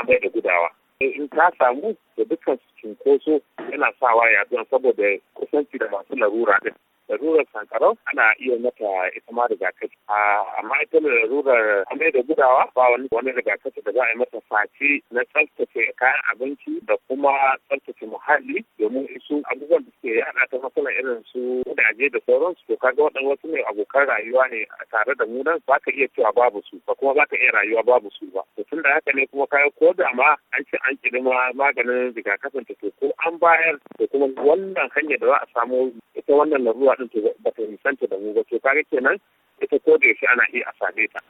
amai da gudawa Eh, in ta samu da dukkan cunkoso yana sawa yaduwa saboda kusanci da masu larura din larurar sankarau ana iya mata ita ma rigakafi ah, amma ita da larurar amai da gudawa ba wani wani rigakafi da za a yi mata face na tsaftace kayan abinci da kuma tsaftace muhalli domin isu abubuwan da suke yada ta masana irin su gudaje da sauransu to kaga waɗannan wasu ne abokan rayuwa ne tare da mu nan ba ka iya cewa babu su ba kuma ba ka iya rayuwa babu su ba tun da haka ne kuma kayan ko da ma an ce an kirma maganin rigakafin ta ko an bayar da kuma wannan hanyar da za a samu ita wannan larura din to ba ta nisanta da mu ba to kaga kenan ita ko da yaushe ana iya a same ta.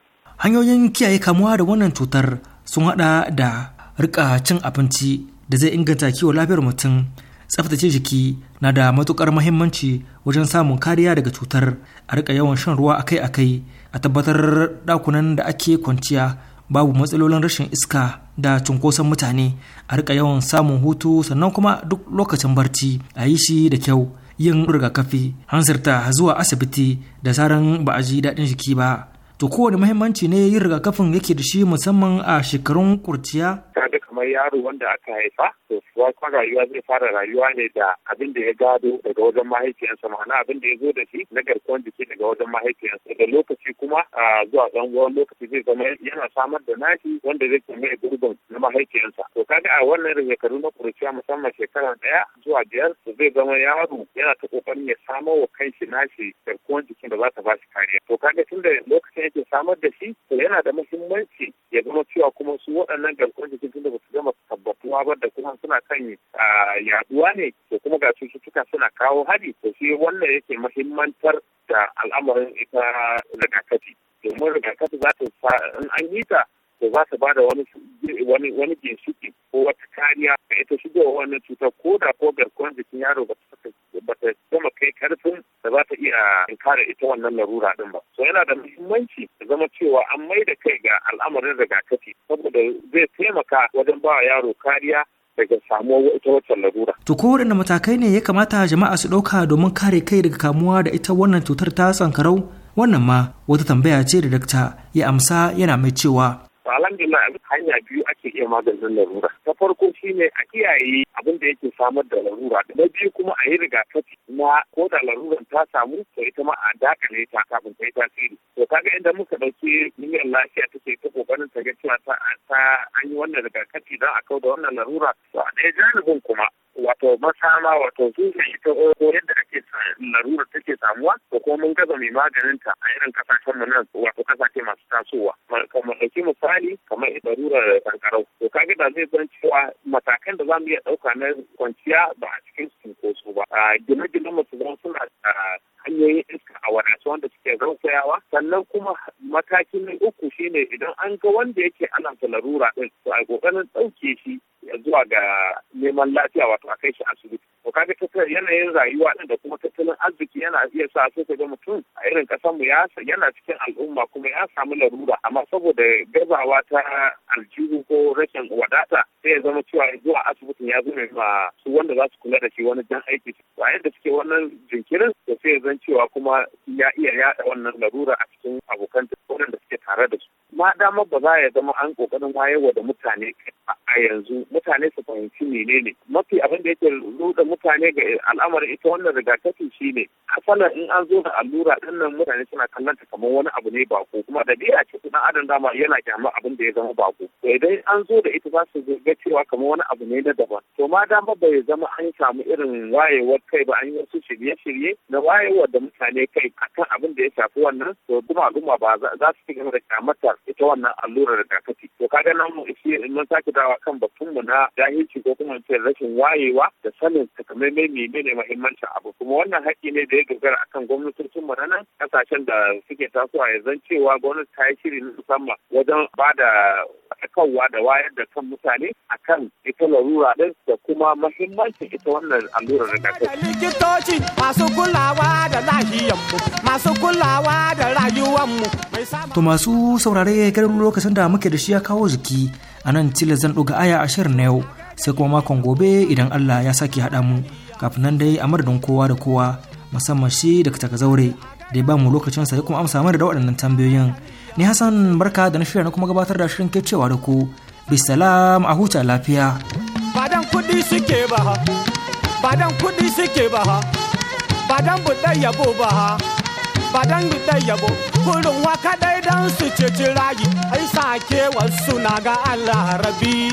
Hanyoyin kiyaye kamuwa da wannan cutar sun haɗa da rika cin abinci da zai inganta kiwon lafiyar mutum tsaftace jiki na da matukar mahimmanci wajen samun kariya daga cutar a rika yawan shan ruwa akai-akai a tabbatar dakunan da ake kwanciya babu matsalolin rashin iska da cunkoson mutane a rika yawan samun hutu sannan kuma duk lokacin barci a yi shi da kyau yin rigakafi hansarta zuwa asibiti da zaran ba a ji daɗin jiki ba to kowane muhimmanci ne yin rigakafin yake da shi musamman a shekarun kurciya kaga kamar yaro wanda aka haifa to kuma rayuwa zai fara rayuwa ne da abin da ya gado daga wajen mahaifiyarsa ma'ana abin da ya zo da shi na garkuwan jiki daga wajen mahaifiyarsa da lokaci kuma zuwa tsawon lokaci zai zama yana samar da nashi wanda zai kuma ya gurbin na mahaifiyarsa to kaga a wannan shekaru na kurciya musamman shekara ɗaya zuwa biyar to zai zama yaro yana ta kokarin ya samo wa kanshi nashi garkuwan jikin da za ta ba shi kariya to kaga tun da lokacin yake samar da shi to yana da muhimmanci ya zama cewa kuma su waɗannan garkuwar jikin tunda ba su gama tabbatuwa ba da kuma suna kan yaduwa ne to kuma ga cututtuka suna kawo hari to shi wannan yake muhimmantar da al'amarin ita rigakafi domin rigakafi za ta in an yi ta to za ta bada wani wani ginshiki ko wata kariya ga ita shigowa wannan cutar ko da ko garkuwar jikin yaro ba ta gama kai karfin da za ta iya kare ita wannan larura din ba so yana da muhimmanci da zama cewa an mai da kai ga al'amarin rigakafi saboda zai taimaka wajen ba yaro kariya daga samuwar ita wannan larura. To ko waɗanne matakai ne ya kamata jama'a su ɗauka domin kare kai daga kamuwa da ita wannan cutar ta sankarau? Wannan ma wata tambaya ce da dakta ya amsa yana mai cewa alhamdulillah hanya biyu ake iya maganin larura ta farko shine a kiyaye abin da yake samar da larura na biyu kuma a yi rigakafi na ko da laruran ta samu to ita ma a dakale ta kafin ta yi tasiri to kaga inda muka ɗauki niyyar lafiya take ta kokarin ta ga cewa ta an yi wannan rigakafi don a da wannan larura to a ɗaya janibin kuma wato masama wato tushen ita Ko yadda ake larurar take samuwa Ko kuma mun gaza mai maganin ta a irin kasashen mu nan wato kasashe masu tasowa kamar dauki misali kamar da sankarau to kaga da zai zan cewa matakan da zamu iya dauka na kwanciya ba a cikin su ba gine-gine masu zan suna hanyoyin iska a wadasu wanda suke zaukayawa. sannan kuma matakin na uku shine idan an ga wanda yake ana larura din to a kokarin ɗauke shi zuwa ga neman lafiya wato a kai shi asibiti to kaga tattalin yanayin rayuwa din da kuma tattalin arziki yana iya sa sai ga mutum a irin kasar mu ya yana cikin al'umma kuma ya samu larura amma saboda gazawa ta aljihu ko rashin wadata sai ya zama cewa zuwa asibitin ya zama ma su wanda za su kula da shi wani jan aiki ba yadda suke wannan jinkirin da sai ya zan cewa kuma ya iya yaɗa wannan larura a cikin abokan da suke tare da su ma dama ba za ya zama an ƙoƙarin wayewa da mutane ba a yanzu mutane su fahimci menene mafi abin da yake ruda mutane ga al'amarin ita wannan rigakafi shine kasalan in an zo da allura din nan mutane suna kallon ta kamar wani abu ne bako kuma da biya ce kuma adam dama yana kyamar abin da ya zama bako to idan an zo da ita za su ga cewa kamar wani abu ne na daban to ma dama bai zama an samu irin wayewar kai ba an yi wasu shirye-shirye na wayewar da mutane kai kan abin da ya shafi wannan to kuma d'uma ba za su ci gaba da kyamatar ita wannan allurar rigakafi to kaga nan mu mun sake dawa akan mu na jahilci ko kuma ce rashin wayewa da sanin takamaimai menene mahimmancin abu kuma wannan haƙƙi ne da ya dogara akan gwamnatocin mu na nan kasashen da suke tasowa yanzu cewa gwamnati ta yi shiri na musamman wajen ba da kawwa da wayar da kan mutane akan ita larura ɗin da kuma mahimmancin ita wannan allurar rigakafi. Likitoci masu kulawa da lahiyanmu, masu kulawa da rayuwanmu. To masu saurare garin lokacin da muke da shi ya kawo ziki. a nan cile zan ɗuga aya shirin na yau sai kuma makon gobe idan allah ya sake haɗa mu kafin nan dai a madadin kowa da kowa musamman shi da taka zaure da ya ba mu lokacin sa ya kuma amsa mana da waɗannan tambayoyin ni hassan barka da na shirya na kuma gabatar da shirin cewa da ku bisalam a huta lafiya badan kuɗi suke ba badan kuɗi suke ba badan yabo ba ba dan da yabo kullum wa dai dan su ceci rayu ai sake wasu na ga Allah rabi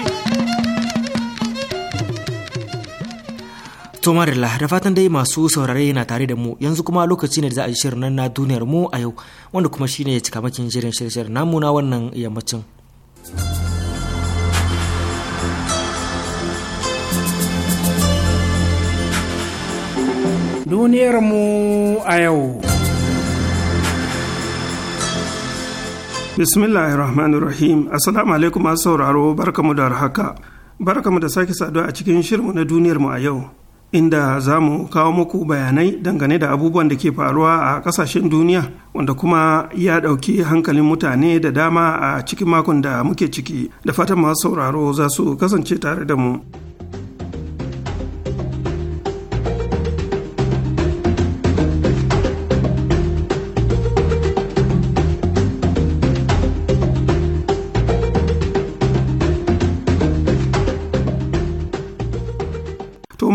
To Marilla, da fatan dai masu saurare na tare da mu yanzu kuma lokaci ne da za a yi shirin nan na duniyar mu a yau wanda kuma shine ya cika makin jirin shirin namu na wannan yammacin. Duniyar mu a yau. Bismillahi rahmanir rahim assalamu alaikum masu sauraro barkamu da haka barkamu da sake saduwa a cikin shirmu na duniyar mu a yau inda za mu kawo muku bayanai dangane da abubuwan da ke faruwa a kasashen duniya wanda kuma ya ɗauki hankalin mutane da dama a cikin makon da muke ciki da fatan masu sauraro za su kasance tare da mu.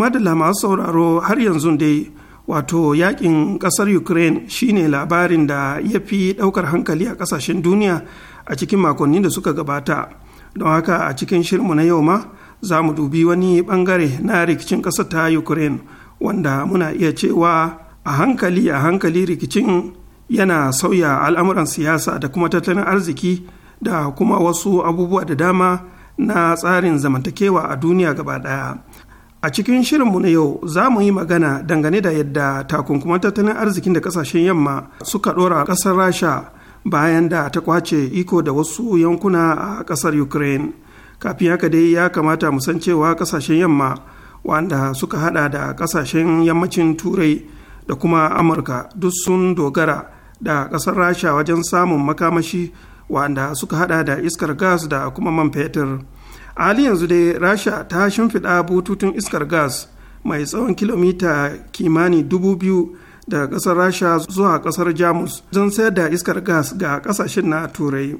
madalla masu sauraro har yanzu dai wato yakin kasar ukraine shine labarin da ya fi daukar hankali a kasashen duniya a cikin makonni da suka gabata don haka a cikin shirmu na yau ma za mu dubi wani bangare na rikicin kasar ta ukraine wanda muna iya cewa a hankali a hankali rikicin yana sauya al'amuran siyasa da kuma tattalin arziki da kuma wasu abubuwa da dama na tsarin zamantakewa a duniya gaba daya A cikin shirinmu na yau za mu yi magana dangane da yadda takunkuman tattalin arzikin da kasashen yamma suka ɗora ƙasar Rasha bayan da ta kwace iko da wasu yankuna a ƙasar Ukraine. Kafin haka dai ya kamata mu san cewa ƙasashen yamma wanda suka hada da ƙasashen yammacin Turai da kuma Amurka duk sun dogara da ƙasar Rasha wajen samun makamashi wanda suka hada da iskar gas da kuma man fetur. hali yanzu dai rasha ta shimfiɗa bututun iskar gas mai tsawon kilomita kimani dubu biyu daga ƙasar rasha zuwa ƙasar jamus don sayar da iskar gas ga ƙasashen na turai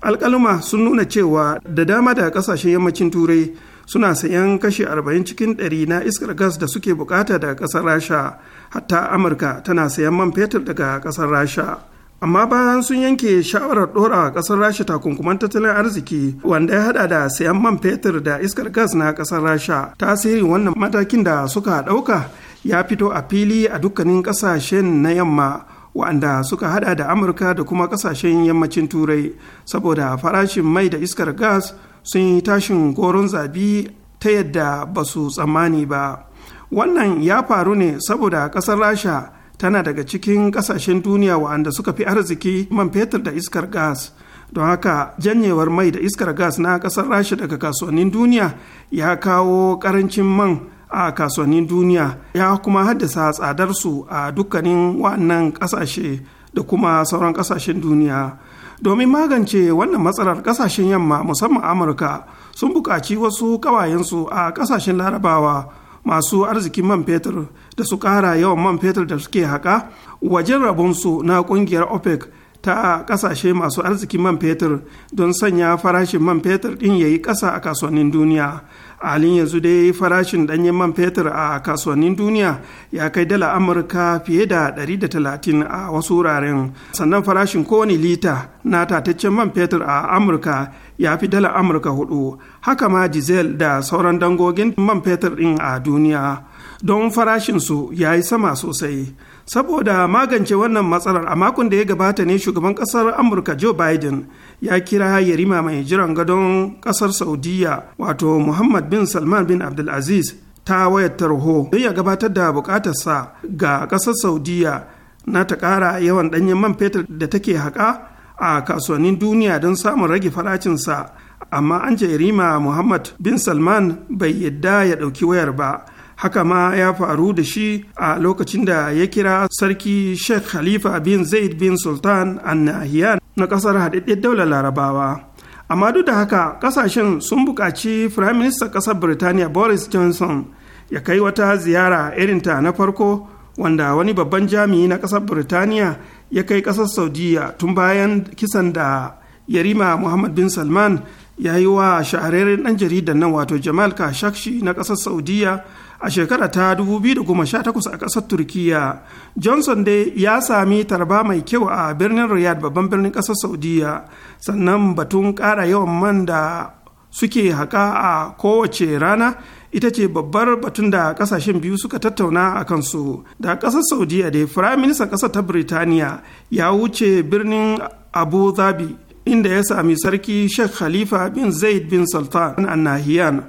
alƙaluma sun nuna cewa da dama da ƙasashen yammacin turai suna sayan kashi 40 cikin ɗari na iskar gas da suke bukata daga ƙasar rasha hatta amurka tana sayan man fetur daga ƙasar rasha amma bayan sun yanke shawarar dora kasar rasha takunkuman tattalin arziki wanda ya hada da sayan man fetur da iskar gas na kasar rasha tasirin wannan matakin da suka dauka ya fito a fili a dukkanin kasashen na yamma wa'anda suka hada da amurka da kuma kasashen yammacin turai saboda farashin mai da iskar gas sun yi tashin goron zabi ta yadda ba su tsammani ba wannan ya faru ne saboda kasar rasha tana daga cikin kasashen duniya wa'anda suka fi arziki man fetur da iskar gas don haka janyewar mai da iskar gas na kasar Rashi daga kasuwannin duniya ya kawo karancin man a kasuwannin duniya ya kuma haddasa tsadarsu a dukkanin wa'annan kasashe da kuma sauran kasashen duniya domin magance wannan matsalar kasashen yamma musamman amurka sun buƙaci wasu ƙawayensu a kasashen larabawa masu arzikin man fetur da su kara yawan man fetur da suke haka wajen rabonsu na kungiyar opec ta kasashe masu arzikin man fetur don sanya farashin man fetur din ya yi ƙasa a kasuwannin duniya a halin yanzu dai farashin danyen man fetur a kasuwannin duniya ya kai dala amurka fiye da 130 a wasu wuraren sannan farashin kowane lita na tataccen man fetur a amurka ya fi dala amurka hudu haka ma diesel da sauran dangogin man fetur ɗin a duniya don farashinsu ya yi sama sosai saboda magance wannan matsalar a makon da ya gabata ne shugaban kasar amurka joe biden ya kira yarima mai jiran gadon kasar saudiya wato muhammad bin salman bin abdulaziz ta wayar tarho don ya gabatar da bukatarsa ga kasar saudiya na ta kara yawan danyen man fetur da take haƙa a kasuwannin duniya don samun rage farashinsa, amma an ce yarima muhammad bin salman bai yadda ya ɗauki wayar ba haka ma ya faru da shi a lokacin da ya kira sarki sheikh khalifa bin zaid bin sultan an nahiyan na kasar haɗaɗɗen daular larabawa amma duk da haka kasashen sun buƙaci firayim ministan ƙasar birtaniya boris johnson ya kai wata ziyara irinta na farko wanda wani babban jami'i na ƙasar birtaniya ya kai ƙasar saudiya tun bayan kisan da yarima muhammad bin salman ya yi wa shahararren ɗan jaridar nan wato jamal khashoggi na ƙasar saudiya a shekara ta 2018 a ƙasar turkiya johnson dai ya sami tarba mai kyau a birnin riyadh babban birnin ƙasar saudiya sannan batun kara yawan man da suke haƙa a kowace rana ita ce babbar batun da kasashen biyu suka tattauna a kansu da kasar saudiya da firayim ministan kasar ta birtaniya ya wuce birnin abu dhabi inda ya sami sarki sheikh khalifa bin zaid bin sultan an nahiyan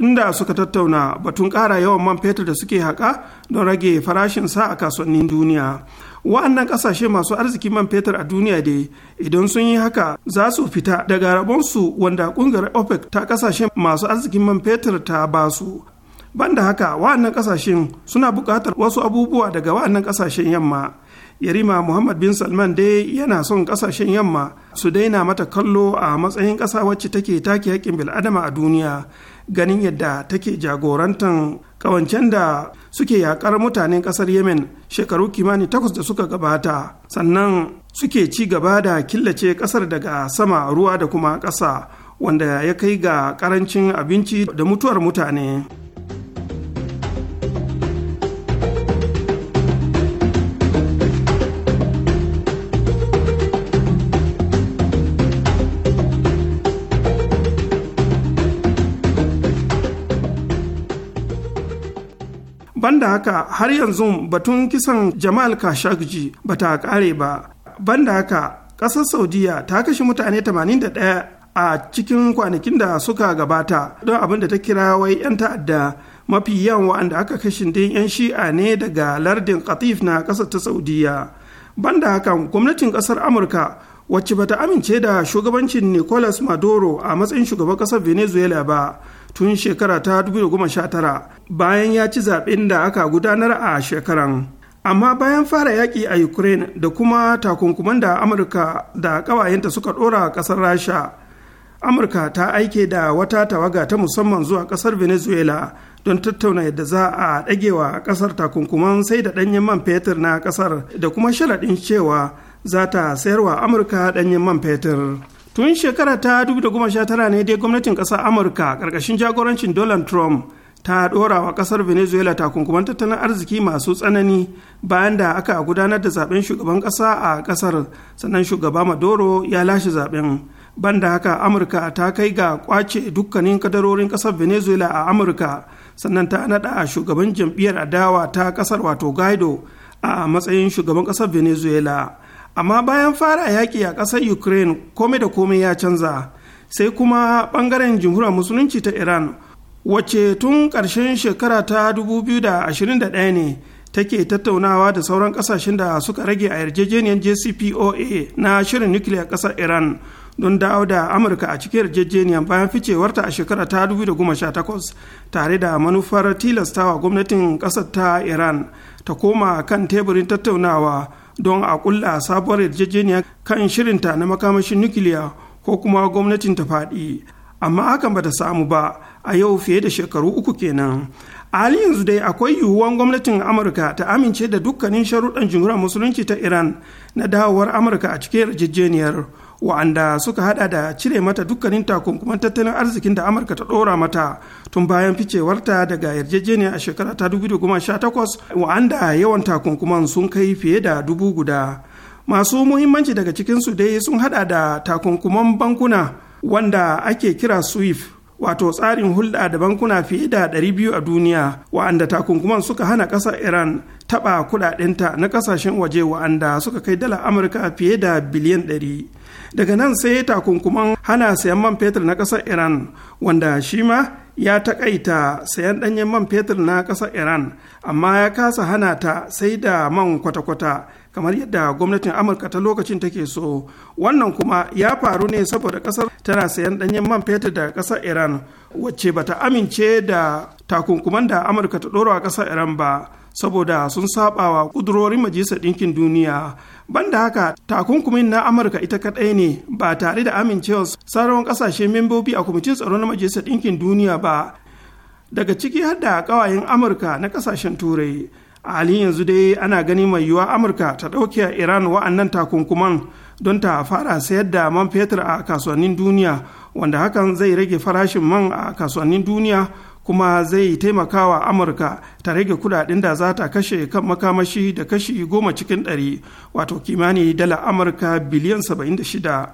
inda suka tattauna batun ƙara yawan man fetur da suke haƙa don rage farashinsa a kasuwannin duniya wa'annan ƙasashe masu arziki man fetur a duniya dai idan sun yi haka za su fita daga rabonsu wanda ƙungiyar opec ta ƙasashe masu arzikin man fetur ta basu banda haka wa'annan ƙasashen suna buƙatar wasu abubuwa daga wa'annan ƙasashen yamma yarima muhammad bin salman dai yana son kasashen yamma su daina mata kallo a matsayin ƙasa wacce take take haƙƙin bil'adama a duniya ganin yadda take jagorantan kawancen da suke yakar mutanen ƙasar yemen shekaru kimani takwas da suka gabata sannan suke ci gaba da killace ƙasar daga sama ruwa da kuma ƙasa wanda ya kai ga ƙarancin abinci da mutuwar mutane. banda haka har yanzu batun kisan jamal khashoggi ta kare ba banda haka ƙasar saudiya ta kashe mutane 81 a cikin kwanakin da suka gabata don abin da ta kira wai 'yan ta'adda mafi yawan wa'anda aka kashe din 'yan shi'a ne daga lardin katif na kasar ta saudiya banda hakan gwamnatin ƙasar amurka wacce bata amince da shugabancin nicolas maduro a matsayin shugaban ƙasar venezuela ba tun shekara ta 2019 bayan ya ci zaɓen da aka gudanar a shekaran. Amma bayan fara yaƙi a Ukraine da kuma takunkuman da Amurka da ƙawayenta suka ɗora ƙasar Rasha, Amurka ta aike da wata tawaga ta musamman zuwa ƙasar Venezuela don tattauna yadda za a ɗagewa ƙasar takunkuman sai da ɗanyen man fetur na ƙasar da kuma sharaɗin cewa za ta sayarwa Amurka ɗanyen man fetur. tun shekara ta 2019 ne dai gwamnatin ƙasar amurka ƙarƙashin jagorancin donald trump ta ɗora wa ƙasar venezuela takunkuman tattalin arziki masu tsanani bayan da aka gudanar da zaben shugaban ƙasa a ƙasar sannan shugaba maduro ya lashe zaben banda haka amurka ta kai ga kwace dukkanin kadarorin ƙasar venezuela a amurka sannan ta naɗa shugaban jam'iyyar adawa ta ƙasar wato guaido a matsayin shugaban ƙasar venezuela amma bayan fara yaƙi a ƙasar ukraine kome da kome ya canza sai kuma ɓangaren jimhuriyar musulunci ta iran wacce tun ƙarshen shekara ta 2021 ne take tattaunawa da sauran ƙasashen da suka rage a yarjejeniyar jcpoa na shirin nukiliyar ƙasar iran don dawo da amurka a cikin yarjejeniyar bayan ficewarta a shekara ta 2018 tare da manufar tilastawa gwamnatin ƙasar ta iran ta koma kan teburin tattaunawa don a kulla sabuwar yarjejeniya kan shirinta na makamashin nukiliya ko kuma gwamnatin ta faɗi amma hakan bata samu ba a yau fiye da shekaru uku kenan a yanzu dai akwai yiwuwan gwamnatin amurka ta amince da dukkanin sharuɗan jumhuriyar musulunci ta iran na dawowar amurka a cikin yarjejeniyar wa'anda suka hada da cire mata dukkanin takunkuman tattalin arzikin da amurka ta dora mata tun bayan ficewarta daga yarjejeniya a shekara ta 2018 wa'anda yawan takunkuman sun kai fiye da dubu guda masu muhimmanci daga cikinsu dai sun hada da takunkuman bankuna wanda ake kira swift wato tsarin hulɗa da bankuna fiye da 200 a duniya wa'anda takunkuman suka hana ƙasar iran taɓa kuɗaɗenta na ƙasashen waje wa'anda suka kai dala amurka fiye da biliyan 100 daga nan sai takunkuman hana sayan man fetur na ƙasar iran wanda shi ma ya takaita sayan ɗanyen man fetur na ƙasar iran amma ya kasa hana ta sai da man kwata-kwata kamar yadda gwamnatin amurka ta lokacin take so wannan kuma ya faru ne saboda ƙasar tana sayan ɗanyen man fetur daga ƙasar iran wacce bata amince da takunkuman da amurka ta ɗora a ƙasar iran ba saboda sun wa kudurorin majalisar ɗinkin duniya banda haka takunkumin na amurka ita kaɗai ne ba tare da amincewa sauran ƙasashe membobi a kwamitin tsaro na majalisar ɗinkin duniya ba daga ciki har da ƙawayen amurka na ƙasashen turai a halin yanzu dai ana gani mai yiwuwa amurka ta ɗauke iran wa'annan takunkuman don ta fara sayar da man fetur a kasuwannin duniya wanda hakan zai rage farashin man a kasuwannin duniya kuma zai taimakawa amurka ta rage kudaden da za ta kashe kan makamashi da kashi goma cikin ɗari wato kimani dala amurka biliyan 76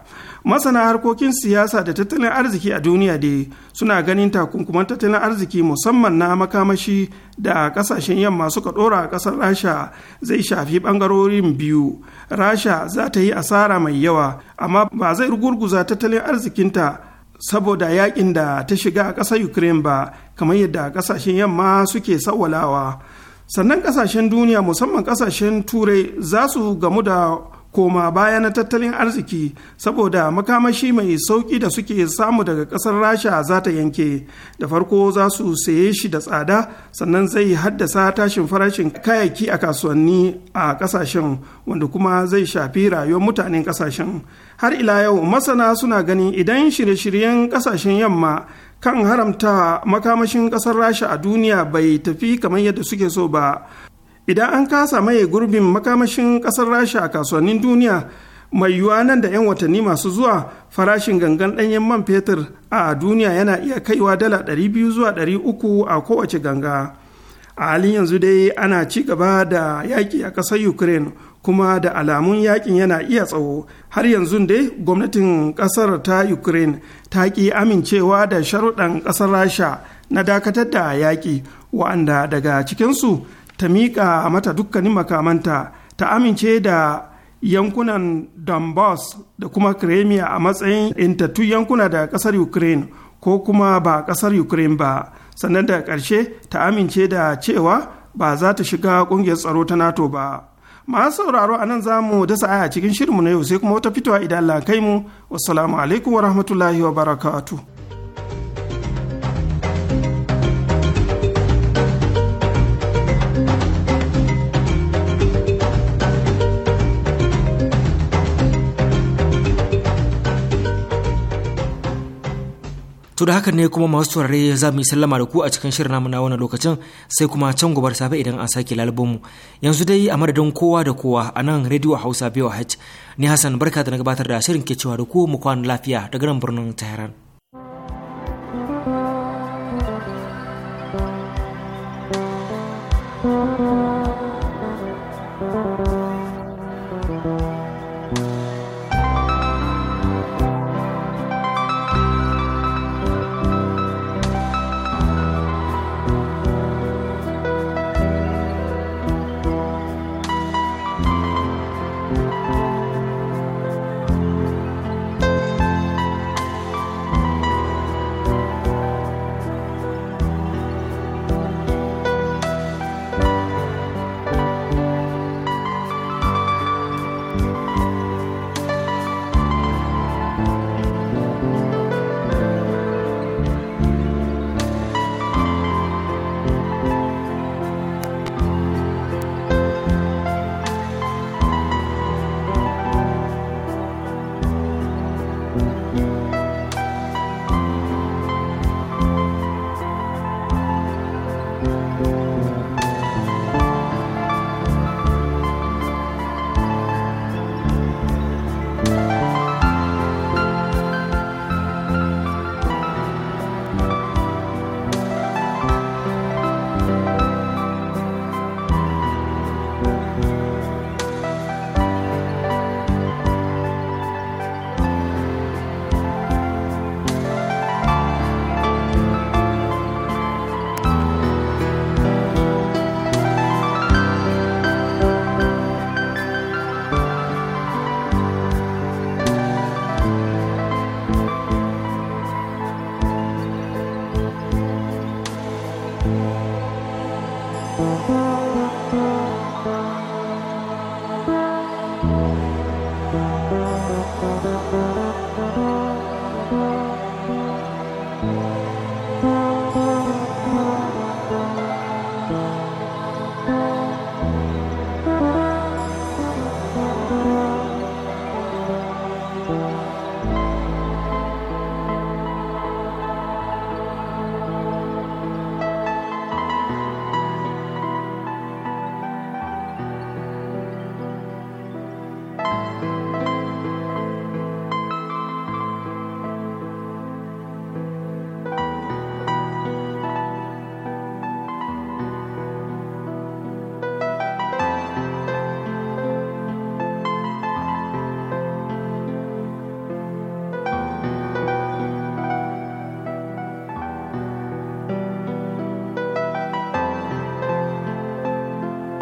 masana harkokin siyasa da tattalin arziki a duniya dai suna ganin takunkuman tattalin arziki musamman na makamashi da kasashen yamma suka dora a ƙasar rasha zai shafi bangarorin biyu rasha za ta yi asara mai yawa amma ba zai rugurguza tattalin arzikinta saboda yakin da ta shiga a ƙasar ukraine ba kamar yadda kasashen yamma suke sawwalawa sannan kasashen duniya musamman kasashen turai za su gamu da koma baya na tattalin arziki saboda makamashi mai sauƙi da suke samu daga ƙasar rasha za ta yanke da farko za su saye shi da tsada sannan zai haddasa tashin farashin kayayyaki a kasuwanni a ƙasashen wanda kuma zai shafi rayuwar mutanen ƙasashen har ila yau masana suna ganin idan shirye-shiryen ƙasashen yamma kan haramta makamashin ƙasar rasha a duniya bai tafi kamar yadda suke so ba idan an kasa maye gurbin makamashin kasar rasha a kasuwannin duniya mai yiwuwa nan da 'yan watanni masu zuwa farashin gangan ɗanyen man fetur a duniya yana iya kaiwa dala 200 zuwa 300 a kowace ganga a halin yanzu dai ana ci gaba da yaƙi a ƙasar ukraine kuma da alamun yaƙin yana iya tsawo har yanzu dai gwamnatin ƙasar ta ukraine ta ƙi amincewa da sharuɗan ƙasar rasha na dakatar da yaƙi wa'anda daga cikinsu ta miƙa mata dukkanin makamanta ta amince da yankunan donbass da kuma crimea a matsayin intattu yankuna da ƙasar ukraine ko kuma ba ƙasar ukraine ba sannan da ƙarshe ta amince da cewa ba za ta shiga ƙungiyar tsaro ta nato ba masu sauraro a nan za mu dasa aya cikin shirinmu na yau sai kuma wata fitowa idan Allah kai mu wasu alaikum wa rahmatullahi wa barakatuh To da haka ne kuma masu turare za mu yi sallama da ku a cikin shirin namu na wannan lokacin sai kuma can gobar safe idan an sake lalubin mu. Yanzu dai a madadin kowa da kowa a nan Radio Hausa BOH ni Hassan barka da na gabatar da shirin ke cewa da ku mu kwana lafiya daga nan birnin Tehran.